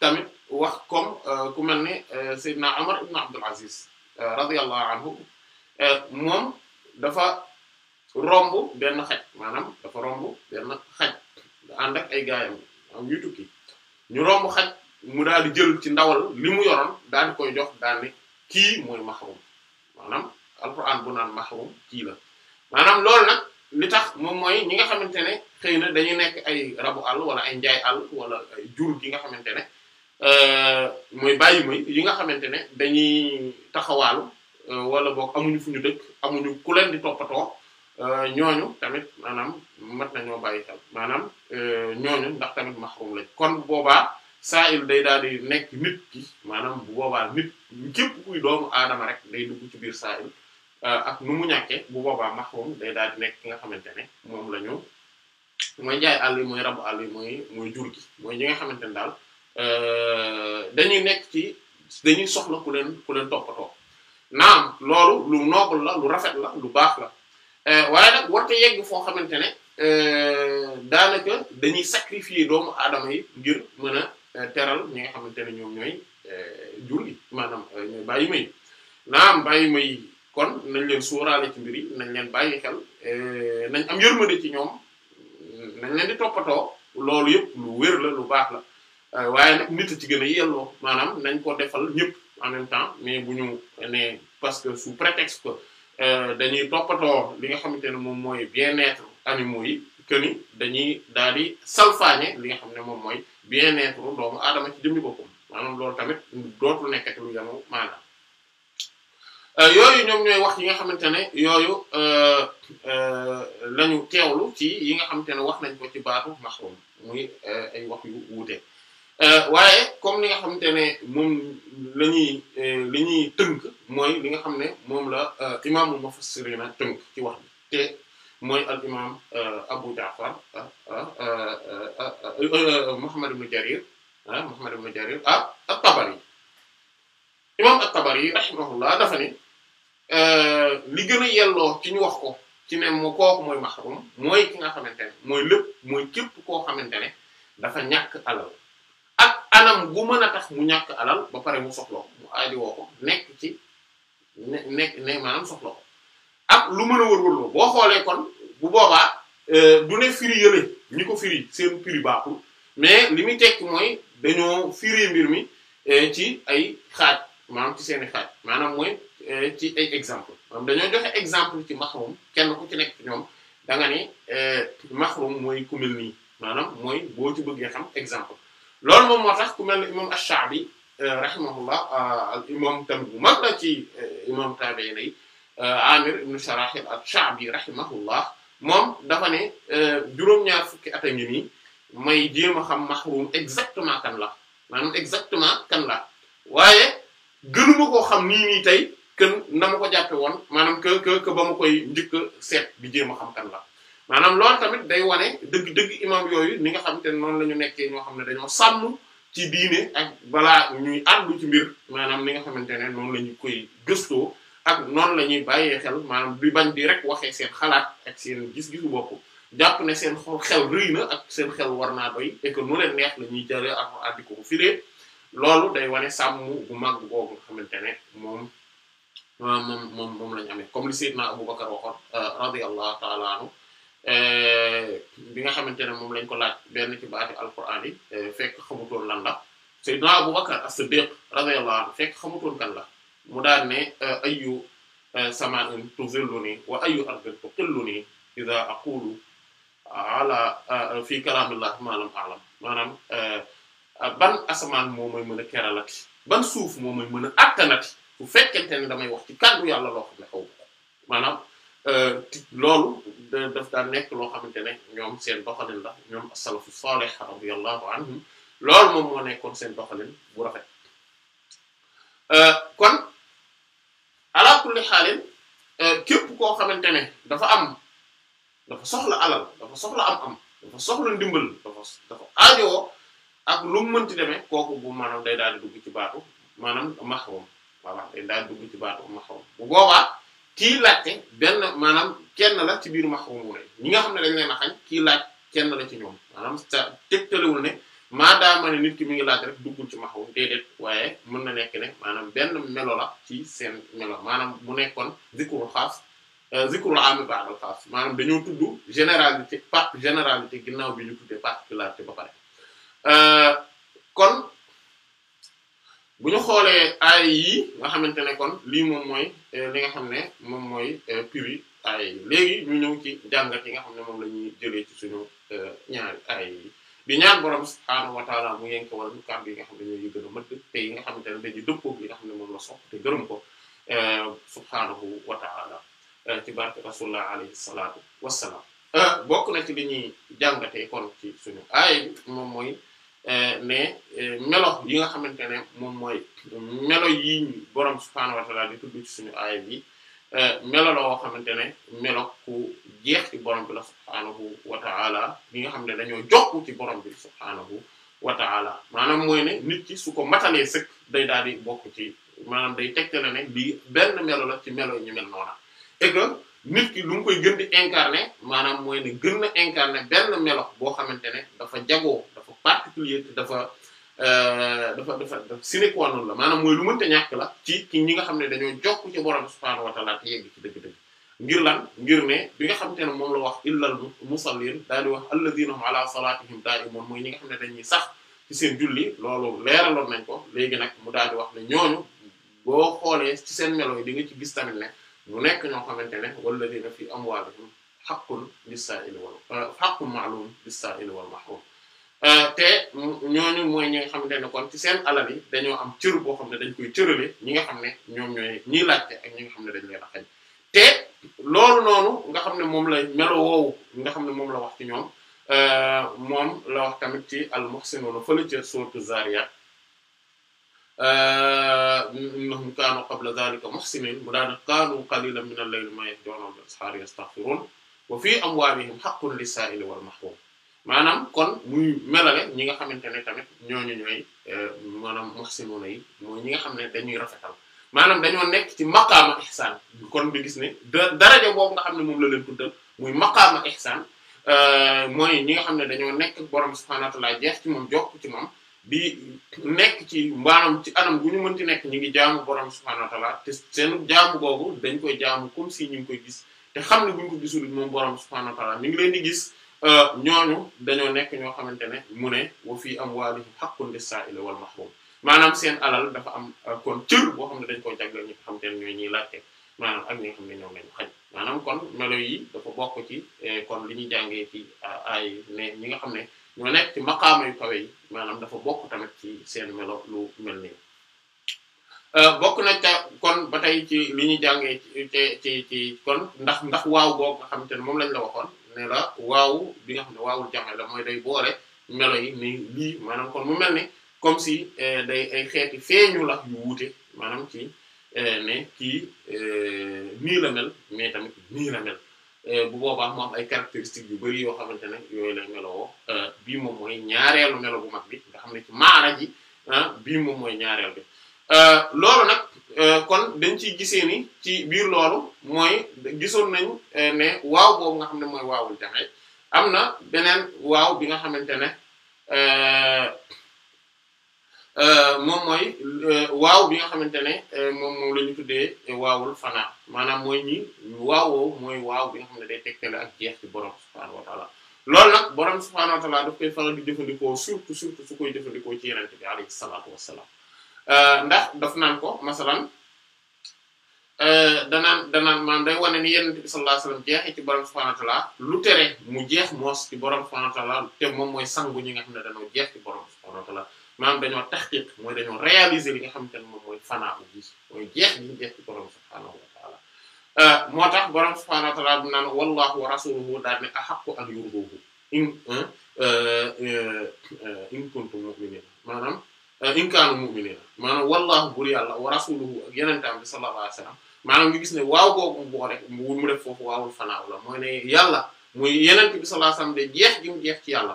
tamit wax comme eh, ku mel ni Seydina Omar ibn Abdul Aziz radiyallahu anhu moom dafa romb benn xaj maanaam dafa romb benn xaj ànd ak ay gaayam am ñuy tukki ñu romb xaj mu daal di jël ci ndawal li mu yoroon daal di koy jox daal ni kii mooy maxrum maanaam alquran bu naan maxrum kii la maanaam loolu nag li tax moom mooy ñi nga xamante ne xëy na dañu nekk ay rabu àll wala ay njaay àll wala ay jur gi nga xamante ne euh, mooy bàyyi may yi nga xamante ne dañuy taxawaalu euh, wala boog amuñu fu ñu dëkk amuñu ku leen di toppatoo euh, ñooñu tamit maanaam mat nañoo bàyyi xel maanaam ñooñu ndax tamit maxrum lañ kon boobaa saa il day daal di nekk nit ki maanaam bu boobaa nit képp kuy doomu aadama rek day dugg ci biir saa il Euh, ak nu mu ñàkkee bu boobaa maxrum day daal nekk ki nga xamante ne moom la ñu mooy jaay àll yi mooy rabu àll yi mooy mooy jur gi mooy ñi nga xamante ne daal euh, dañuy nekk ci dañuy soxla leen ku leen toppatoo naam loolu lu noble lu rafet la lu baax la euh, waaye foo xamante ne daanaka dañuy sacrifier doomu aadama yi ngir mën a teral ñi nga xamante ne ñoom ñooy jur gi maanaam ñooy bàyyi may naam kon nañ leen sóoraale ci mbir yi nañ leen bàyyi xel eh, nañ am yërmande ci ñoom nañ leen di toppatoo loolu yëpp lu wér la lu baax la eh, waaye nag nit ci gën a yelloo maanaam nañ ko defal yëpp en même temps mais bu ñu ne parce que sous prétexte que eh, dañuy toppatoo li nga xamante ne moom mooy bien-être animaux yi que ni dañuy daal di salfaañe li nga xam ne moom mooy bien-être doomu aadama ci jëmmi boppam maanaam loolu tamit dootul nekkati lu yamo maanaam Euh, yooyu ñoom ñooy wax yi nga xamante ne yooyu euh, euh, lañu teewlu ci yi nga xamante ne wax nañ ko ci baatu mahrum muy ay wax yu wuute waaye comme li nga xamante ne moom lañuy li ñuy tënk mooy li nga xam ne moom la imaamu mufassirina tënk ci wax bi te mooy al imaam Abu Jaafar Muhammad ibn Jarir ah Muhammad ibn Jarir ah tabari imam at-Tabari rahimahullah dafa ni Euh, li gën a yelloo ci ñu wax ko ci ne mu kooku mooy mahrum mooy ki nga xamante ne mooy lépp mooy képp koo xamante ne dafa ñàkk alal ak anam gu mën a tax mu ñàkk alal ba pare mu soxloo mu aadi woo ko nekk ci ne nekk ne maanaam soxla ko ak lu mën a wërwërloo boo xoolee kon bu boobaa euh, du ne firi yële ñi ko firi seen firi baaxul mais li muy tekki mooy dañoo firi mbir mi euh, ci ay xaaj maanaam ci seeni xaaj maanaam mooy eh, ci ay exemple maanaam dañoo joxe exemple ci maxrum kenn ku nekk ñoom da nga ne eh, maxrum mooy ku mel nii maanaam mooy boo ci bëggee xam exemple loolu moom moo tax ku mel ne imam ash-Sha'bi eh, rahimahullah ah, al imam bu mag la ci imam tabi'in yi Amir ibn Sharahil ash-Sha'bi rahimahullah moom dafa ne juróom-ñaar fukki at a ngi nii may jéem a xam maxrum exactement kan la maanaam exactement kan la waaye gënuma koo xam nii nii tey que na ko jàppe woon maanaam que que que ba ma koy njëkk seet bi jéem a xam kan la maanaam lool tamit day wane dëgg-dëgg imam yooyu ni nga xam te noonu la ñu nekkee ñoo xam ne dañoo sàmm ci diine ak balaa ñuy àddu ci mbir maanaam ni nga xamante ne noonu la ñu koy gëstoo ak noonu la ñuy bàyyee xel maanaam bi bañ di rek waxee seen xalaat ak seen gis-gisu bopp jàpp ne seen xel rëy na ak seen xel war naa doy et que nu leen neex la ñuy jëlee ak àddi ko loolu day wane sàmm bu mag googu nga xamante ne moom ah, moom moom moom comme li Seydina Abubakar waxoon euh, radiyallahu ta'ala anhu euh, bi nga xamante ne moom lañ ko benn ci baati alquran yi euh, fekk xamutoon lan la Seydina Abubakar as-Siddiq radiyallahu anhu fekk xamutoon kan la mu daal ne ayyu sama'in tuzilluni wa ayyu ardin tuqilluni idha aqulu ala fi kalamillahi ma lam a'lam maanaam Euh, ban asamaan moo may mën a keralati ban suuf moo may mën a attanati bu fekkente ne damay wax ci kàddu yàlla loo xam ne xaw maanaam euh, loolu daf daan nekk loo xamante ne ñoom seen doxalin la ñoom as-salafu salih radiyallahu anhum loolu moom moo nekkoon seen doxalin bu rafet euh, kon ala kulli xaalin képp koo xamante ne dafa am dafa soxla alal dafa soxla am am dafa soxla ndimbal dafa dafa ak lu mën mënti demee kooku bu maanaam day daal di dugg ci baatu maanaam maxrum voilà day daal di dugg ci baatu bu boobaa kii laajte benn maanaam kenn la ci biir maxrum wu ñi nga xam ne dañ leen na xañ kii laaj kenn la ci ñoom maanaam sa tegtalewul ne maadaama ne nit ki mi ngi laaj rek duggul ci maxrum déedéet waaye mën na nekk ne maanaam benn melo la ci seen melo maanaam mu nekkoon zikrul xaas euh, zikrul am ba'dal xaas maanaam dañoo tudd généralité part généralité ginnaaw bi ñu tuddee particularité ba Euh, kon bu ñu xoolee aay yi nga xamante ne kon lii moom mooy euh, li nga xam ne moom mooy euh, piri aay yi léegi ñu ñëw ci jàngat yi nga xam ne moom lañuy jëlee ci suñu ñaari aay yi di ñaan borom subhaanahu wa ta'ala mu yenk wala ñu kàddu yi nga xam ne ñooy yu gën a mëdd te yi nga xamante ne dañuy dëppoo yi nga xam ne moom la sopp te gërëm ko subhaanahu wa ta'ala ci barke rasulullah alayhi salaatu wassalaam bokk na ci li ñuy jàngatee kon ci suñu aay moom mooy Euh, mais euh, melo yi nga xamante ne moom mooy melo yi borom subhaanahu wa suñu aaya bi euh, melo la woo xamante ne melo ku jeex ci borom bi la subhaanahu wa ta'aala bi nga xam ne dañoo jokk ci borom bi subhaanahu wa ta'aala maanaam mooy ne nit ki su ko matalee sëkk day daal bokk ci maanaam day tegte la ne lii benn melo la ci melo ñu mel noona et que nit ki lu mu koy gën di incarner maanaam mooy ne gën na incarner benn melo boo xamante ne dafa jagoo particulier euh, dafa dafa dafa sine qua non la maanaam mooy lu mënta ñàkk la ci kii ñi nga xam ne dañoo jokk ci borom subhaanahu wa ta'ala te yegg ci dëgg-dëgg ngir lan ngir ne bi nga xamante ne moom la wax illal musallin daal di wax alladhina hum ala salatihim da'imun mooy ñi nga xam ne dañuy sax ci seen julli loolu leeraloon nañ ko léegi nag mu daal di wax ne ñooñu boo xoolee ci seen melo yi di nga ci gis tamit ne mu nekk ñoo xamante ne walladhina fi amwalihim haqqun lis-sa'ili wal euh, haqqun ma'lum lis-sa'ili wal mahrum Euh, te ñooñu mooy ñi nga xamante ne kon ci seen alal yi dañoo am cër boo xam ne dañ koy cërale ñi nga xam ne ñoom ñooy ñii laajte ak ñi nga xam ne dañ leen a xañ te loolu noonu nga xam ne moom la melo woowu nga ne moom la wax ci ñoom euh, moom la wax tamit ci al muhsinuna fële ca sourate Zariyat euh, innahum kaanu qabla dhalika muhsinin mu daana kaanu qalilan min al-layli ma yahjuna wa bil-ashari yastaghfirun wa fi amwalihim haqqun lis-sa'ili wal mahrum maanaam kon muy melale ñi nga xamante ne tamit ñooñu ñooy euh, maanaam muhsinuna yi mooy ñi nga xam ne dañuy rafetal maanaam dañoo nekk ci maqaama ihsaan kon bi gis ne daraja boobu nga xam ne moom la leen tuddal muy maqaama ihsaan euh, mooy ñi nga xam ne dañoo nekk borom subhaanahu wa ta'aala jeex ci moom jokk ci moom di nekk ci maanaam ci anam gu ñu mënti nekk ñu ngi jaamu borom subhaanahu wa te seen jaamu googu dañ koy jaamu comme si ñu ngi koy gis te xam ne bu ñu ko gisul moom borom subhaanahu wa ta'aala ngi leen di gis. Euh, ñooñu dañoo nekk ñoo xamante ne mu ne wa fii amwaalihim haqqun lis-saa'ili wal mahruum maanaam seen alal dafa am euh, kon boo xam ne dañ koo jagleel ñi xamante ne ñooy ñiy laajte maanaam ak ñi nga lañu xañ maanaam kon melo yi dafa bokk ci euh, kon li ñuy jàngee ci ay ne ñi nga xam ne ñoo nekk ci maqaama yu kawe yi maanaam dafa bokk tamit ci seen melo lu mel nii bokk na ca kon ba tey ci li ñuy jàngee ci ci ci kon ndax ndax waaw boobu nga xamante ne moom lañ la waxoon la waawu bi nga xam ne waawul jame mooy day boole melo yi ni lii maanaam kon mu mel ni comme si eh, day ay xeeti feeñu la yu wuute maanaam ci eh, ne ki eh, nii la mel mais tamit nii la mel bu boobaa mu ay caractéristiques yu bari yoo xamante ne yooyu lay melo bii moom mooy ñaareelu melo bu mag bi nga xam ne ci maara ji ah bii moom mooy ñaareel bi Euh, loolu nag euh, kon dañ ci gisee ni ci biir loolu mooy gisoon nañ euh, ne waaw boobu nga xam ne mooy waawul jaxe am na beneen waaw bi nga xamante ne moom mooy bi nga xamante ne moom moom la ñu tuddee waawul fanaa maanaam mooy ñi waaw woowu mooy waaw bi nga xam ne day tegtale ak jeex ci borom subhaanahu wa taala loolu nag borom subhaanahu wa daf koy faral jëfandikoo surtout surtout su koy jëfandikoo ci yeneen bi alayhi salaatu wassalaam Euh, ndax daf naan ko masalan euh, danaan danaan maanaam day wane ni yonent bi sallallahu alayhi wasallam jeexee lu tere mu jeex moos ci borom subhanahu wa ta'ala te moom mooy sangu ñi nga xam ne dañoo jeex ci borom subhanahu wa ta'ala maanaam dañoo tahqiq mooy dañoo réaliser li nga xamante ne moom mooy fanaa bi mooy jeex gi ñu jeex ci borom subhanahu wa ta'ala euh, moo tax borom subhanahu wa ta'ala bu naan wallahu wa rasuluhu daal ne ahaqqu an yurduhu in in kuntum mu'minin maanaam. Euh, in kaanu mu'minin maanaam wallaahu buur yàlla wa rasuluhu ak yenentaan bi sallallahu alayhi wasallam maanaam ngi gis ne waaw googu mu boole mu def foofu waawul fanaaw la mooy ne yàlla muy yenent bi sallallahu de jeex gi mu jeex ci yàlla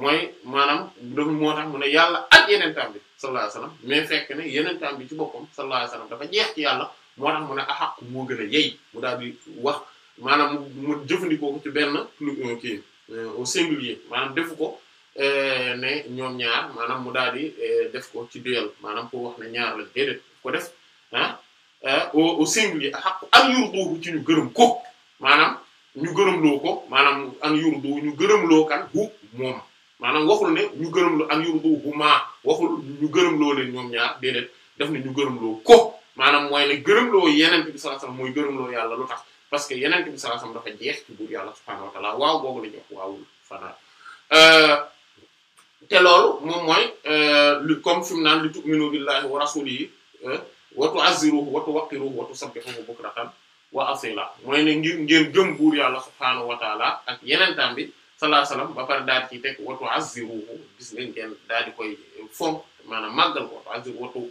mooy maanaam dafa moo tax mu ne yàlla ak yenentaan bi sallallahu alayhi wasallam mais fekk ne yenentaan bi ci boppam sallallahu alayhi dafa jeex ci yàlla moo tax mu ne axaq moo gën a yey mu daal di wax maanaam mu jëfandikoo ko ci benn euh, kii euh, au singulier maanaam defu ko Eh, ne ñoom ñaar maanaam mu daal di eh, def ko ci duel maanaam ko wax ne ñaar lañ déedéet ko def ah eh, au au singulier an yurduhu ci ñu gërëm ko maanaam ñu gërëmloo ko maanaam an yurdu ñu gërëmloo kan hu moom maanaam waxul ne ñu gërëmloo an yurdu hu maa waxul ñu gërëmloo leen ñoom ñaar déedéet def ne ñu gërëmloo ko maanaam mooy ne gërëmloo yeneen bi sallallahu alayhi wasallam mooy gërëmloo yàlla lu tax parce que yeneen bi sallallahu alayhi wasallam dafa jeex ci buur yàlla subhaanahu wa ta'aala waaw boobu la ñu waawul fanaa te loolu moom mooy euh, lu comme fi mu naan li tu'minu billahi wa rasulihi euh, wa tu'azziruhu wa tuwaqqiruhu wa tusabbihuhu bukratan wa asila mooy ne ngir ngeen gëm buur yàlla subhaanahu wa ak yenen tam bi sallallahu ba pare daal ci teg wa tu'azziruhu gis ngeen ngeen daal di koy euh, fonk maanaam màggal ko wa tu'azziruhu watu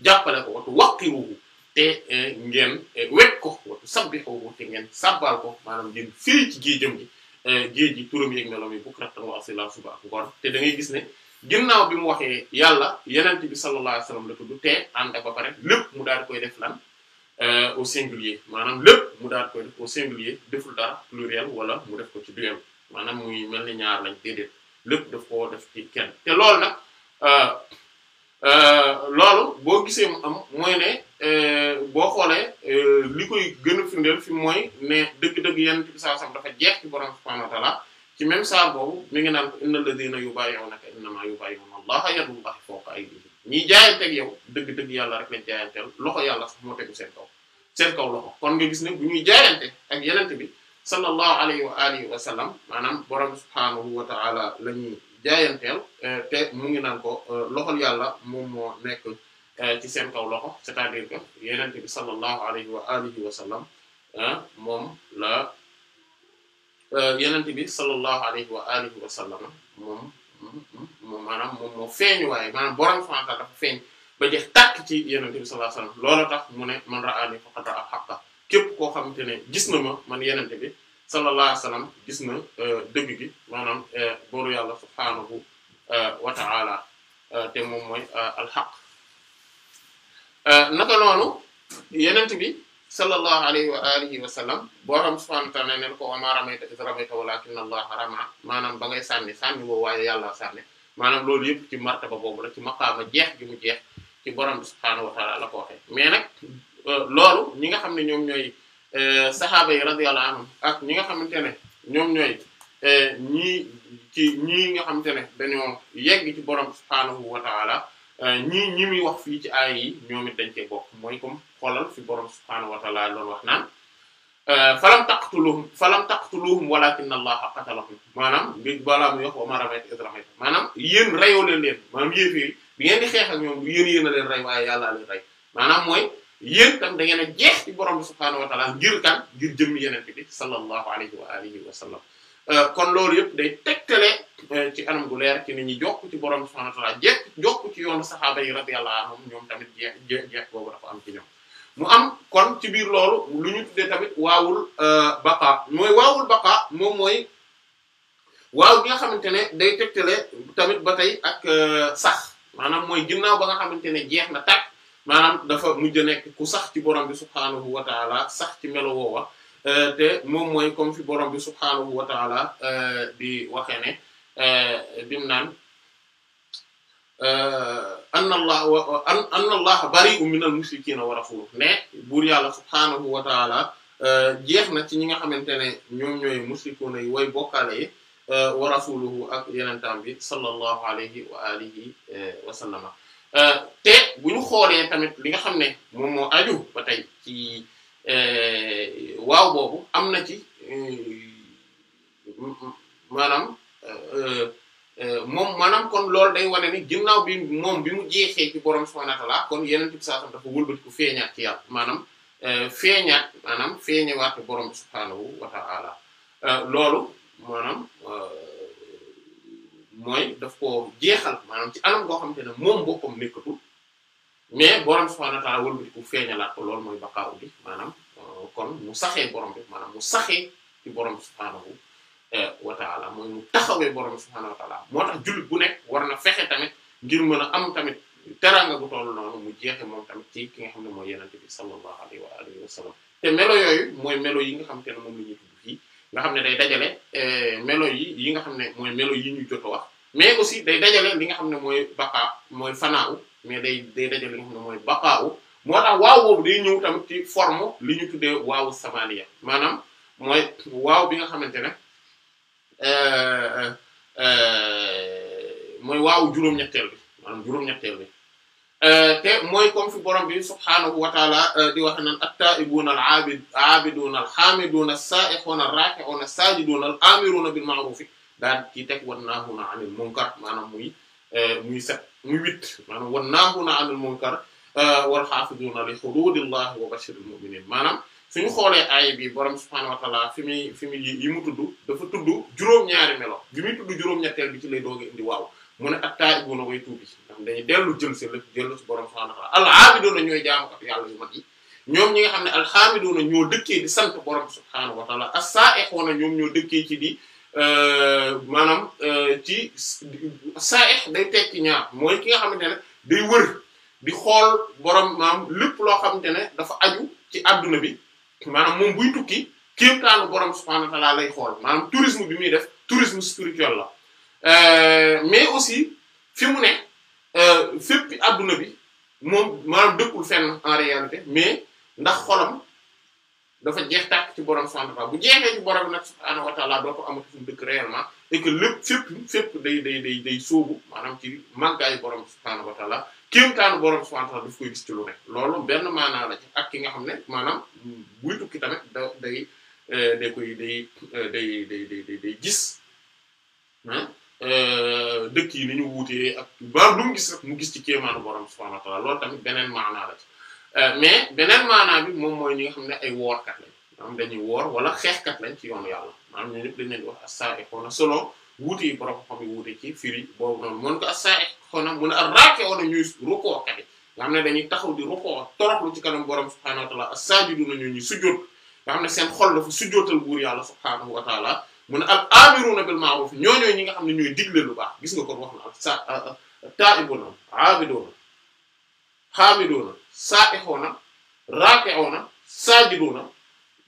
jàppale ko wa tuwaqqiruhu te ngeen wet ko wa tusabbihuhu te ngeen sabbal ko maanaam ngeen firi ci géejëm gi Euh, géej gi turam yeeg meloom yi bukratan wa asila suba ak ngoon te da gis ne ginnaaw bi mu waxee yàlla yenent bi sallallahu alayhi wasallam la tudd te ànd ak ba pare lépp mu daal di koy def lan euh, au singulier maanaam lépp mu daal di koy def au singulier deful dara pluriel wala mu def ko ci duel maanaam muy mel ni ñaar lañ déedéet lépp daf koo def ci kenn te loolu nag euh, Euh, loolu boo gisee mu am mooy ne euh, boo xoolee euh, li koy gën a firndeel fi mooy ne dëgg-dëgg yenn bi saa sax dafa jeex ci borom subhaanahu wa ta'aala ci même saa boobu mi ngi naan inna alladhiina yubaayi'uunaka innamaa yubaayi'uuna Allaha yadullaahi fawqa aydiihim ñiy jaayanteeg yow dëgg-dëgg yàlla rek lañ loxo yàlla sax moo tegu seen kaw seen kaw loxo kon nga gis ne bu ñuy jaayante ak yeneen bi sallallahu alayhi wa alihi wa sallam maanaam borom subhaanahu wa ta'aala la jaayanteel euh, te mu ngi naan ko euh, loxol yàlla mu moo nekk euh, ci seen kaw loxo c'est-à-dire que yenente bi sallallahu alayhi wa alihi wa sallam moom la yenente bi sallallahu alayhi wa alihi wa sallam moom maanaam moom moo feeñu waaye maanaam borom fanta dafa feeñ ba jeex tàkk ci yenente bi sallallahu wa sallam loola tax mu ne man ra'ani faqad ra'a haqqa képp koo xamante ne gis na ma man yenente bi sallallahu alayhi wa sallam gis na euh, dëgg gi maanaam euh, booru yàlla subhaanahu euh, wa ta'ala te moom mooy alxaq naka noonu yenent bi sallallahu alayhi wa alihi wa sallam boroom subhaanahu wa ta'ala neen ko wa maa ramayta iz ramayta walaakinna allaha ramaa maanaam ba ngay sànni sànni woo waaye yàlla sànni maanaam loolu yëpp ci martaba boobu la ci maqaama jeex gi mu jeex ci borom bi wa ta'ala la ko waxee loolu ñi nga xam ne ñoom ñooy Euh, saxaaba yi radiyallahu anhum ak ñi nga xamante ne ñoom ñooy euh, ñi ci ñii nga xamante ne dañoo yegg ci borom subhaanahu wa taala euh, ñii ñi muy wax fii ci aay yi ñoom it dañ cee bokk mooy comme xoolal fi borom subhaanahu wa taala wax naan falam taqtuluhum falam taqtuluhum walakinna allaha qatalahum maanaam bi balaa muy wax wa ma ramayta iz maanaam yéen rayoo leen leen maanaam yéeféeri bi ngeen di xeex ak ñoom yéen yéen a leen rey waaye yàlla leen rey maanaam mooy yéen tam da ngeen a jeex ci borom bi subhaanahu wa ta'ala ngir kan ngir jëm yeneen bi sallallahu alayhi wa alihi wa sallam euh, kon loolu yëpp day tegtale euh, ci anam gu leer ci ni ñi jokk ci borom bi subhaanahu wa ta'ala jeex jokk ci yoonu saxaaba yi radiyallahu anhum ñoom tamit jeex boobu dafa am ci ñoom mu am kon ci biir loolu lu ñu tuddee tamit waawul euh, baqa mooy waawul baqa moom mooy waaw bi nga xamante ne day tegtale tamit ba tey ak sax maanaam mooy ginnaaw ba nga xamante ne jeex na tàkk maanaam dafa mujj nekk ku sax ci borom bi subhaanahu wa taala sax ci melo woowa euh, te moom mooy comme fi borom bi subhaanahu wa taala euh, di waxe ne an euh, naan anna allah anna allah bari'un minal mushrikiina wa rasuluhu ne buur yàlla subhaanahu wa taala jeex na ci ñi nga xamante ne ñoom ñooy mushrikuuna yi way bokkaale yi wa rasuluhu ak yenentaam bi sallallahu alayhi wa alihi Euh, te bu ñu xoolee tamit li nga xam ne moom moo aju ba tey ci euh, waaw boobu am na ci euh, maanaam moom maanaam kon lool day wane ni ginnaaw bi moom bi mu jeexee ci borom subhaanahu wa kon yeneen ci saa dafa wëlbati ko feeñaat ci yàlla maanaam feeñaat maanaam feeñewaat borom subhaanahu loolu maanaam. mooy daf ko jeexal maanaam ci anam goo xamante ne moom boppam nekkatul mais borom subhanahu wa ta'ala wëlbati ko feeñalaat ko loolu mooy bakaaw bi maanaam euh, kon mu saxee borom bi maanaam mu saxee ci borom subhanahu euh, wa ta'ala mooy mu taxawee borom subhanahu wa ta'ala moo tax jullit bu nekk war na fexe tamit ngir mën a am tamit teraanga bu toll noonu mu jeexe moom tamit ci ki nga xam ne mooy yenente bi sallallahu alayhi wa alihi wa sallam te melo yooyu mooy melo yi nga xam te ne moom la ñuy nga xam ne day dajale euh, melo yi yi nga xam ne mooy melo yi ñu jot wax mais aussi day dajale li nga xam ne mooy baqaaw mooy fanaaw mais day day dajale li nga xam ne mooy baqaaw moo tax waaw boobu day ñëw tamit ci forme li ñu tuddee waawu samaniya maanaam mooy waaw bi nga xamante ne euh, euh, mooy waawu juróom-ñetteel bi maanaam juróom-ñetteel bi. Euh, te mooy comme fi borom bi subhaanahu wa taala euh, di wax naan at-taa'ibuuna al-'aabid aabiduuna al-haamiduuna as-saa'ihuuna ar-raaki'uuna as-saajiduuna al-aamiruuna bil ma'ruufi daal ci teg wannaahuuna 'anil munkar maanaam muy euh, muy set muy huit maanaam wannaahuuna 'anil munkar wal haafiduuna li huduudillaahi wa bashiril mu'miniin maanaam suñu xoolee aay bi borom subhaanahu wa taala fi muy fi muy yi mu tudd dafa tudd juróom-ñaari melo bi muy juróom-ñetteel bi ci lay doog a indi waaw. mu ne ak taayibuuna way tuubi ndax dellu jël si lépp dellu si borom subhaanahu wa ta'aala al-aabiduuna ñooy jaamukat yàlla yu mag yi ñoom ñi nga xam ne alxaamiduuna ñoo dëkkee di sant borom subhaanahu wa ta'aala as-saa'ihuuna ñoom ñoo dëkkee ci di euh, maanaam euh, ci saa'ih day tekki ñaar mooy ki nga xamante ne day wër di xool borom maam lépp loo xamante ne dafa aju ci adduna bi maanaam moom buy tukki kéemtaanu borom subhaanahu wa ta'aala lay xool maanaam tourisme bi muy def tourisme spirituel la. Euh, mais aussi fi mu ne euh, fépp adduna bi moom maanaam dëkkul fenn en mais ndax xolam dafa jeex tàkk ci borom subhanahu bu jeexee ci borom nag subhanahu wa ta'ala doo ko amati fu mu dëkk réellement et que lépp fépp day day day day maanaam ci màggaayu borom subhanahu wa ta'ala kéemtaanu borom subhanahu wa ne loolu benn maanaa la ak ki nga xam ne maanaam buy tukki tamit da day euh, day koy day day day day day gis Euh, dëkk yi ni ñu wuutee ak baax lu mu gis rek mu gis ci kéemaanu borom subhaanahu wa ta'aala tamit beneen maanaa la ci euh, mais beneen maanaa bi moom mooy ñi nga xam ne ay woorkat lañ maanaam dañuy woor wala xeexkat lañ ci yoonu yàlla maanaam ñun ñëpp dañ leen di wax as-saa'iquuna selon wuute yi borom ci firi boobu noonu mën ko as-saa'iquuna a raaki'uuna ñuy rukkookat nga xam ne dañuy taxaw di rukkoo toroxlu ci kanam borom subhaanahu wa ta'aala as-saajiduuna ñu ñuy sujjóot nga xam ne seen xol dafa sujjóotal buur yàlla subhaanahu wa mu ne al amiruna bil ma'ruf ñooñooy ñi nga xam ne ñooy digle lu baax gis nga kon wax na ak sa taa'ibuna aabiduna xaamiduna saa'ihuna raaki'una saajiduna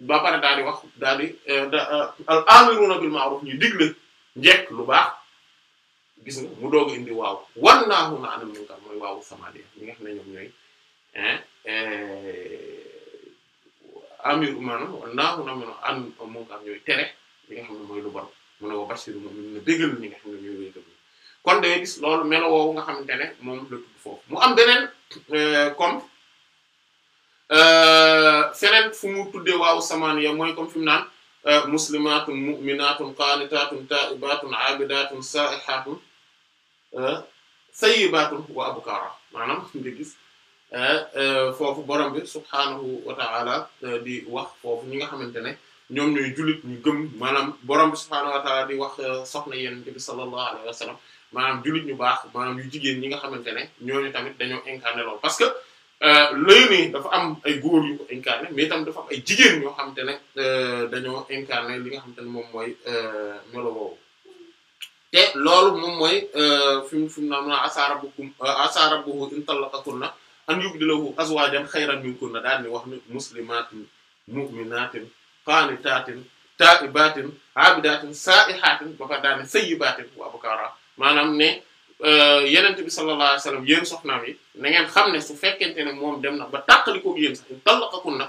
ba pare daal di wax daal di e, al njekk lu baax gis nga mu doog indi waaw wan naahu na anam munkar mooy waawu samadi ñi nga xam ne ñoom ñooy e, e, amir maanaam wan naahu na munkar ñooy tere li xam ne mooy lu bon mu ne wa bashiril mu'minin bégal ñi nga xam ne ñooy gëm kon day gis loolu melo woowu nga xam ne moom la foofu mu am beneen euh, comme euh, feneen fu mu tuddee waaw samaaniya mooy comme fi mu naan euh, muslimatun mu'minatun qanitatun ta'ibatun abidatun sa'ihatun sayyibatun wa abkara maanaam nga gis foofu borom wa ta'ala di wax foofu ñi nga xamante ne ñoom ñooy jullit ñu gëm maanaam borom bi subhaanahu di wax euh, soxna yonent bi sallallahu alayhi wa sallam maanaam jullit ñu baax maanaam yu jigéen ñi nga xamante ne ñooñu tamit dañoo incarné parce que euh, léegi dafa am ay góor yu ko incarné mais itam ay jigéen ñoo xamante ne euh, dañoo incarné li nga xamante ne moom mooy melo boobu te loolu moom mooy fi mu fi mu naan asaa rabbukum asaa rabbuhu in tallaqakunna an yubdilahu azwajan xayran minkunna daal ni wax ni muslimatin mu'minatin qaanitaatin taa'ibaatin aabidaatin saa'ihaatin ba fa daane sayyibaatin bu abkaara maanaam ne euh, yenent bi sallallahu alayhi wasallam yéen soxnaam yi na ngeen xam ne su fekkente ne moom dem na ba tàqalikoog yéen sax in tallaqakunna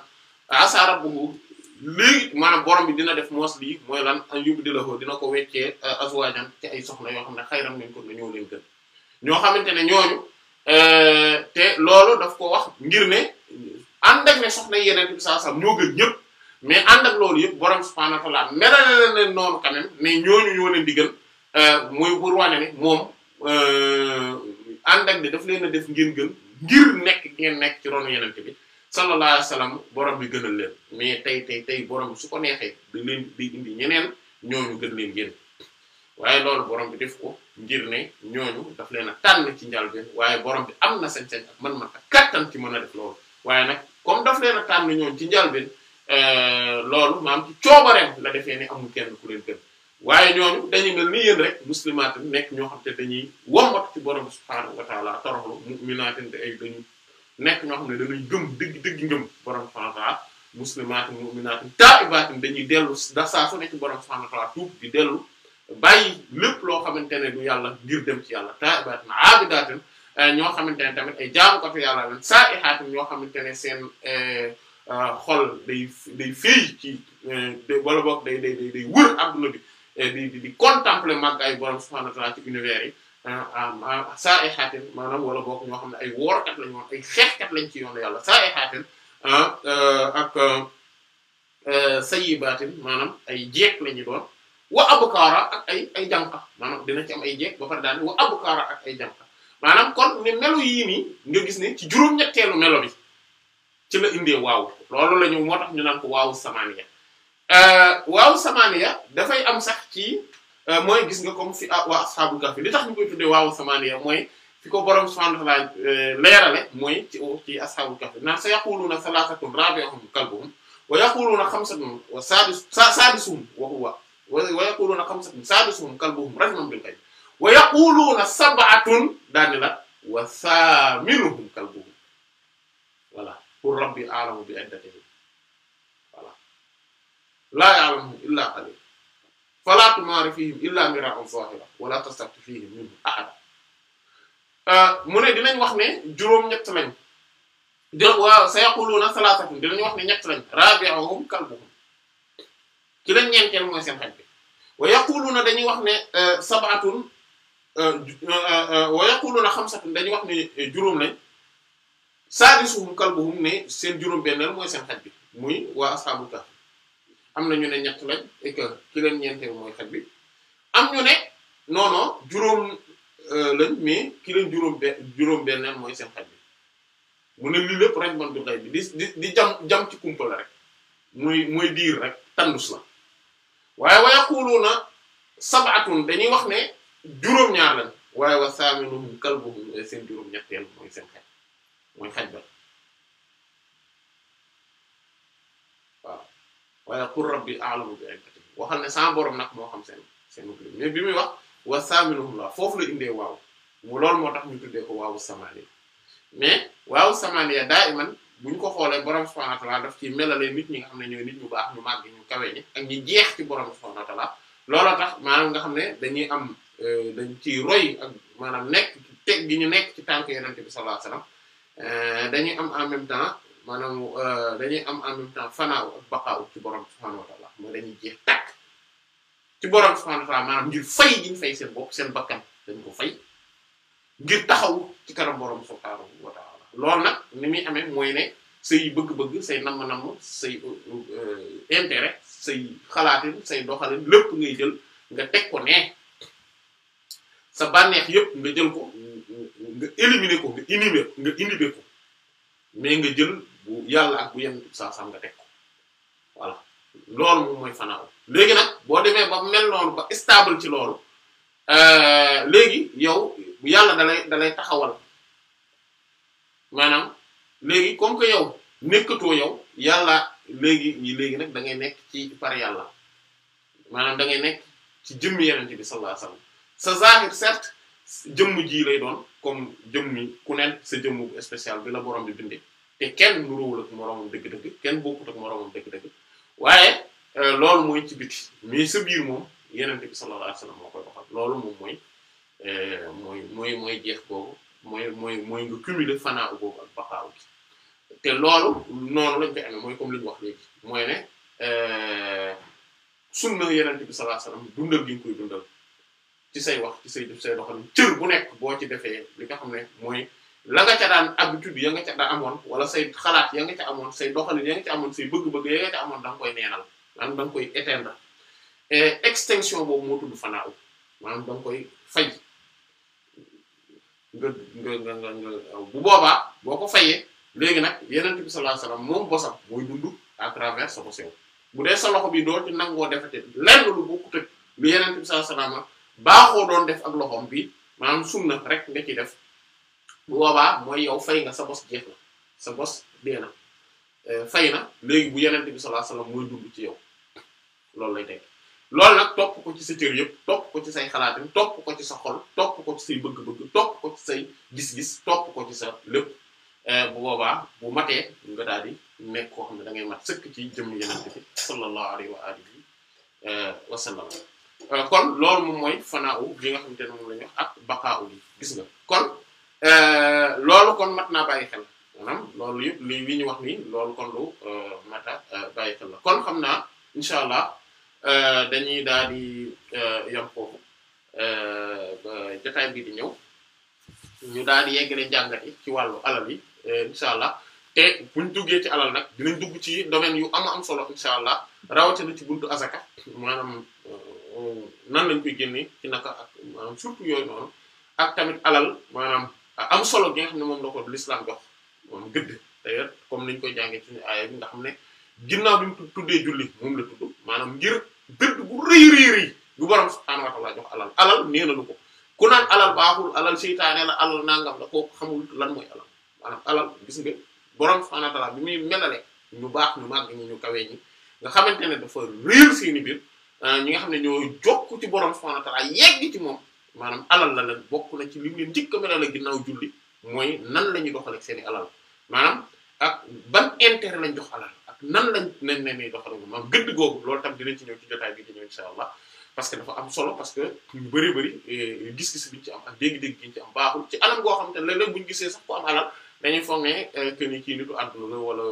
asaa rabbuhu léegi maanaam borom bi dina def moos lii mooy lan an yubdilahu dina ko weccee euh, azwaajan ci ay soxna yoo xam ne xayran minkum na ñoo leen gën ñoo xamante ne ñooñu euh, te loolu daf ko wax ngir ne ànd ak ne soxna yeneen bi sallallahu alayhi ñoo gën mais ànd loolu yëpp borom subhaanahu wa ta'aala melale noonu quand mais ñooñu ñoo leen di gën euh, muy pour ne moom euh, ànd ak di daf leen def ngir gën ngir nekk ngeen nekk ci ronu yeneen bi sallallahu alayhi wa sallam bi gënal leen mais tey tey tey borom bi su ko neexee da leen bi ñeneen ñooñu gën leen gën waaye loolu borom bi def ko ngir ne ñooñu daf leen a tànn ci njàlbeen waaye borom bi am na sañ-sañ ak man-man ak kattan ci mën a def loolu waaye nag comme daf leen a Euh, loolu maam ci coobareem la defee ni amul kenn ku leen gën waaye ñooñu dañu mel ni yéen rek muslimaatin nekk ñoo xam te dañuy wombat ci borom subhaanahu wa taala toroxlu ay dañu ñoo xam ne dañuy gëm dëgg dëgg ngëm borom subhaanahu wa taala muslimaatin mu'minaatin taa'ibaatin dañuy dellu da saa su ne ci borom subhaanahu wa taala tuub di dellu bàyyi lépp loo xamante ne du yàlla ngir dem ci yàlla taa'ibaatin aabidaatin ñoo xamante ne tamit ay jaamukatu yàlla lañ saa'ihaatin ñoo xamante ne seen euh, Euh, xol day day ci euh, wala boog day day day wër adduna bi euh, di di di contempler màggaayu borom subhaanahu wa ci univers yi saa ay xaatin maanaam wala boog moo xam ne ay woorkat lañu woon ay xeexkat lañ ci yoonu yàlla saa ay xaatin ak sayibaatin maanaam ay jeeg lañu doon wa abukara ak ay ay jànqa maanaam dina ci am ay jeeg ba pare ak ay jànqa maanaam kon ne melo yii nii nga gis ne ci juróom-ñetteelu melo bi. ci la indee waaw loolu la ñu moo tax ñu naan ko waawu samaniya euh, waawu samaniya dafay am sax ci euh, mooy gis nga comme fi ah, waa asxaabu kahf waawu samaniya mooy fi ko borom subhaanahu wa euh, leerale mooy ci ci asxaabu kahf naan sa yaquluuna salaasatun raabi'uhum kalbuhum wa yaquluuna xamsatun wa saadis saadisuhum wa huwa wa yaquluuna xamsatun saadisuhum kalbuhum rajman bil ghayb wa yaquluuna sab'atun daani la wa saaminuhum kalbuhum qul rabbi a'lamu bi iddatihim voilà laa ya'lamuhum illaa qaliil falaa tumaari fiihim illaa miraa'an zaahira wa laa tastafti fiihim minhum ahada euh, mu ne dinañ wax ne juróom-ñett lañ di wa sayaquluuna salaasatun dinañ wax ne lañ raabi'uhum kalbuhum mooy seen xaj bi wa yaquluuna dañuy wax ne euh, sab'atun euh, wa yaquluuna xamsatun dañuy wax ne juróom lañ. saadisuhum kalbuhum ne seen juróom-benneel mooy seen xaj bi muy waa asxaabul am na ñu ne ñett lañ et que ñeenteel mooy xaj bi am ñu ne noono juróom euh, lañ mais ki leen juróom be benneel mooy seen xaj bi mu ne lii lépp rek man bi day bi di di di jam jam ci kumpa la rek muy muy diir rek tandus la waaye dañuy wax ne juróom-ñaar lañ waaye wa saaminuhum kalbuhum seen juróom-ñetteel mooy seen xaj mooy xajbal waaw waaye qul rabbi a'lamu bi ibaadihi waxal ne sa boroom nag moo xam seen seen lim mais bi muy wax wa saaminuhum la foofu la indee waaw mu loolu moo tax mu tuddee ko waawu samaaniya mais waawu samaaniya daa man bu ñu ko xoolee borom subhaanahu wa ta'aala daf ci melale nit ñi nga xam ne ñooy nit ñu baax ñu màgg ñu kawe ñi ak ñi jeex ci borom subhaanahu wa ta'aala looloo tax maanaam nga xam ne dañuy am euh, dañ ciy roy ak maanaam nekk teg gi ñu nekk ci tànk yonent bi Eh, dañuy am en même temps maanaam eh, dañuy am en même temps fanaaw ak baqaaw ci borom subhaanahu wa ta'ala mooy dañuy jeex tàkk ci borom subhaanahu wa ta'ala maanaam ngir fay seen bakkan dañ ko fay taxaw ci kanam borom subhaanahu wa ta'ala loolu nag ni muy amee mooy ne say bëgg-bëgg say namm-namm say eh, intérêt say xalaatin say doxalin lépp ngay jël nga teg ko ne sa bànneex yépp nga jël ko nga éliminer ko nga inhiber ko nga inhiber ko mais nga jël bu yàlla ak bu yenn saasam sam nga teg ko voilà loolu moom mooy fanaaw léegi nag boo demee ba mel noonu ba stable ci loolu euh, léegi yow bu yàlla dalay taxawal maanaam léegi comme que yow nekkatoo yow yàlla léegi léegi nag da ngay nekk ci par yàlla maanaam dangay nekk ci jëmm yenente bi sallallahu alayhi wasallam sa zahir certes jëmm ji lay doon comme jëmmi ku nen sa jëmm bu bi la borom bi bindee te kenn nuróowul ak moroomam dëgg-dëgg kenn bokkut ak moroomam dëgg-dëgg waaye euh, loolu mooy ci biti mais sa biir moom yeneen bi sallallahu alayhi wasallam moo koy waxal loolu moom mooy euh, mooy mooy mooy jeex boobu mooy mooy mooy nga cumuler fanaaw boobu ak baxaaw gi te loolu noonu lañ koy amee mooy comme li ñu wax léegi mooy ne euh, sunna yeneen bi sallallahu alayhi wasallam dundal gi nga koy dundal. ci say wax ci say jëf say doxalin cër bu nekk boo ci defee li nga xam ne mooy la nga ca daan habitude ya nga ca daan amoon wala say xalaat ya nga ca amoon say doxalin ya nga ca amoon say bëgg-bëgg ya nga ca amoon da koy neenal maanaam da koy éteindre extinction fanaaw maanaam da koy fay nga bu boobaa boo ko fayee léegi nag yeneen bi sallallahu alayhi wasallam moom bosam mooy dund à travers sa bosew bu dee sa loxo bi doo ci nangoo defete lenn lu bokkut ak lu yeneen bi sallallahu baaxoo doon def ak loxoom bi maanaam sunna rek nga ci def bu boobaa mooy yow fay nga sa bos jeex na sa bos dee na euh, fay na léegi bu yenente bi sallallahu alayhi wasallam mooy ci yow loolu lay teg loolu nag ko ci sa cër yëpp topp ko ci say xalaatam topp ko ci sa xol topp ko ci say bëgg-bëgg ko say gis-gis topp ko ci sa euh, bu boobaa bu matee nga daal di koo xam ne da ngay mat sëkk ci jëm yenente bi sallallahu Euh, kon loolu moom mooy fanaaw li nga xamante ne moom la ñuy wax ak baqaaw bi gis nga kon euh, loolu kon mat naa bàyyi xel maanaam loolu yëpp li li ñu wax nii loolu kon lu euh, mata bàyyi xel la kon xam naa incha allah dañuy daal di yam foofu bi di ñëw ñu daal di ci wàllu alal yi incha allah te buñ duggee ci alal nag dinañ dugg ci domaine yu am am solo incha allah rawatina ci buntu azaka maanaam. Euh, nan lañ koy génnee ci naka ak maanaam surtout yooyu noonu ak tamit alal maanaam am solo gi nga ne moom la ko l'islam jox moom gëdd d'ailleurs comme koy jàngee ci aaya bi nga xam ne ginnaaw bi mu tuddee julli moom la tudd maanaam ngir gëdd gu rëy rëy rëy gu borom wa ta'ala jox alal alal nee lu ko ku naan alal baaxul alal seytaane la alal nangam la kooku xamul lan mooy alal maanaam alal gis nga borom subhaanahu wa ta'ala bi muy melale ñu baax ñu màgg ñi ñu kawe nga xamante ne dafa réer seeni biir ñi nga xam ne ñoo jokk ci borom subhanahu yegg ci moom maanaam alal la la bokk na ci li mu leen njëkk a melal la ginnaaw julli mooy nan la ñuy doxaleeg seen i alal maanaam ak ban intérêt lañ jox alal ak nan lañ nen ne ni doxaleeg maanaam gëdd googu loolu tam dinañ ci ñëw ci jotaay bi di ñëw insha allah parce que dafa am solo parce que bëri bëri eh, gis-gis biñ ci am ak dégg-dégg biñ ci am baaxul ci anam goo xam te ne léeg-léeg buñ gisee sax ku am alal dañuy foog ne eh, kii nitu àdduna wala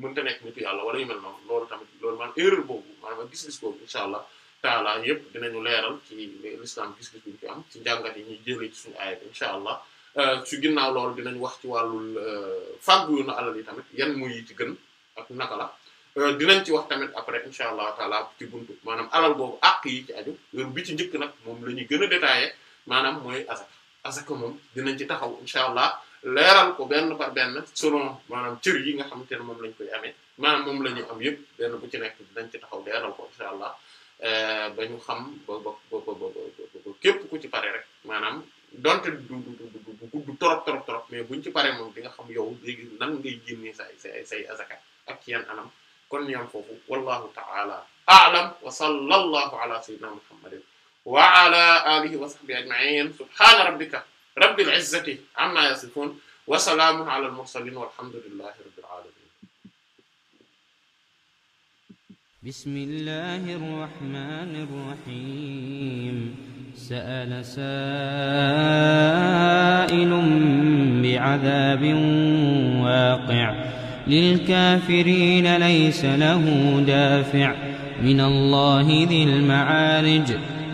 mënta nekk nitu yàlla wala yu mel noonu loolu tamit lool maanaam erreur boobu maanaam gis-gis boobu incha allah taala yëpp dinañu leeral ci l'islam gis-gis buñu ci am ci njàngat yi ñuy jëlee ci suñu aaya bi incha allah su euh, ginnaaw lool dinañ wax ci wàllul euh, fàggu yoonu alal yi tamit yan muy yi ci gën ak naka la euh, dinañ ci wax tamit après incha allah taala ci buntu maanaam alal boobu àq yi ci aju loolu bi ci njëkk nag moom la ñuy gën a détaillé maanaam mooy asaka asaka moom dinañ ci taxaw incha allah leeral ko benn par benn selon maanaam cër yi nga xamante ne moom lañ koy amee maanaam moom la ñu am yëpp benn bu ci nekk dañ ci taxaw leeral ko incha allah eh, ba ñu xam ba ba ba ba képp ku ci pare rek maanaam donte du du du gudd torop torop torop mais buñ ci pare moom di nga xam yow léegi nan ngay génnee say say say azaka ak yan anam kon ñu foofu wallahu ta'ala a'lam wa sallallahu ala sayyidina muhammadin wa ala alihi wa sahbihi ajma'in subhana rabbika rabbil izzati amma yasifun wa salaamun alal mursalin walhamdulillahi rabbil alamin bismillahir rahmanir rahim sa'ala saa'ilun bi'adhabin waqi' للكافرين ليس له دافع من الله ذي المعارج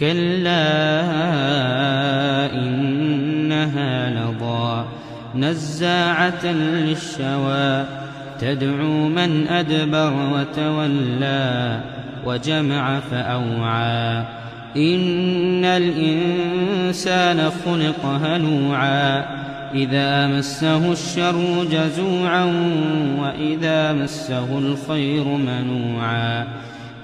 كلا إنها لضا نزاعة للشوى تدعو من أدبر وتولى وجمع فأوعى إن الإنسان خلق هلوعا إذا مسه الشر جزوعا وإذا مسه الخير منوعا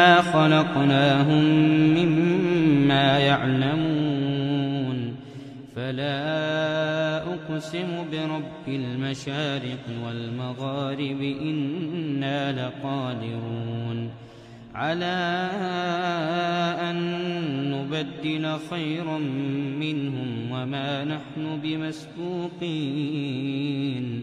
إِنَّا خَلَقْنَاهُمْ مِمَّا يَعْلَمُونَ فَلَا أُقْسِمُ بِرَبِّ الْمَشَارِقِ وَالْمَغَارِبِ إِنَّا لَقَادِرُونَ على أن نبدل خيرا منهم وما نحن بمسبوقين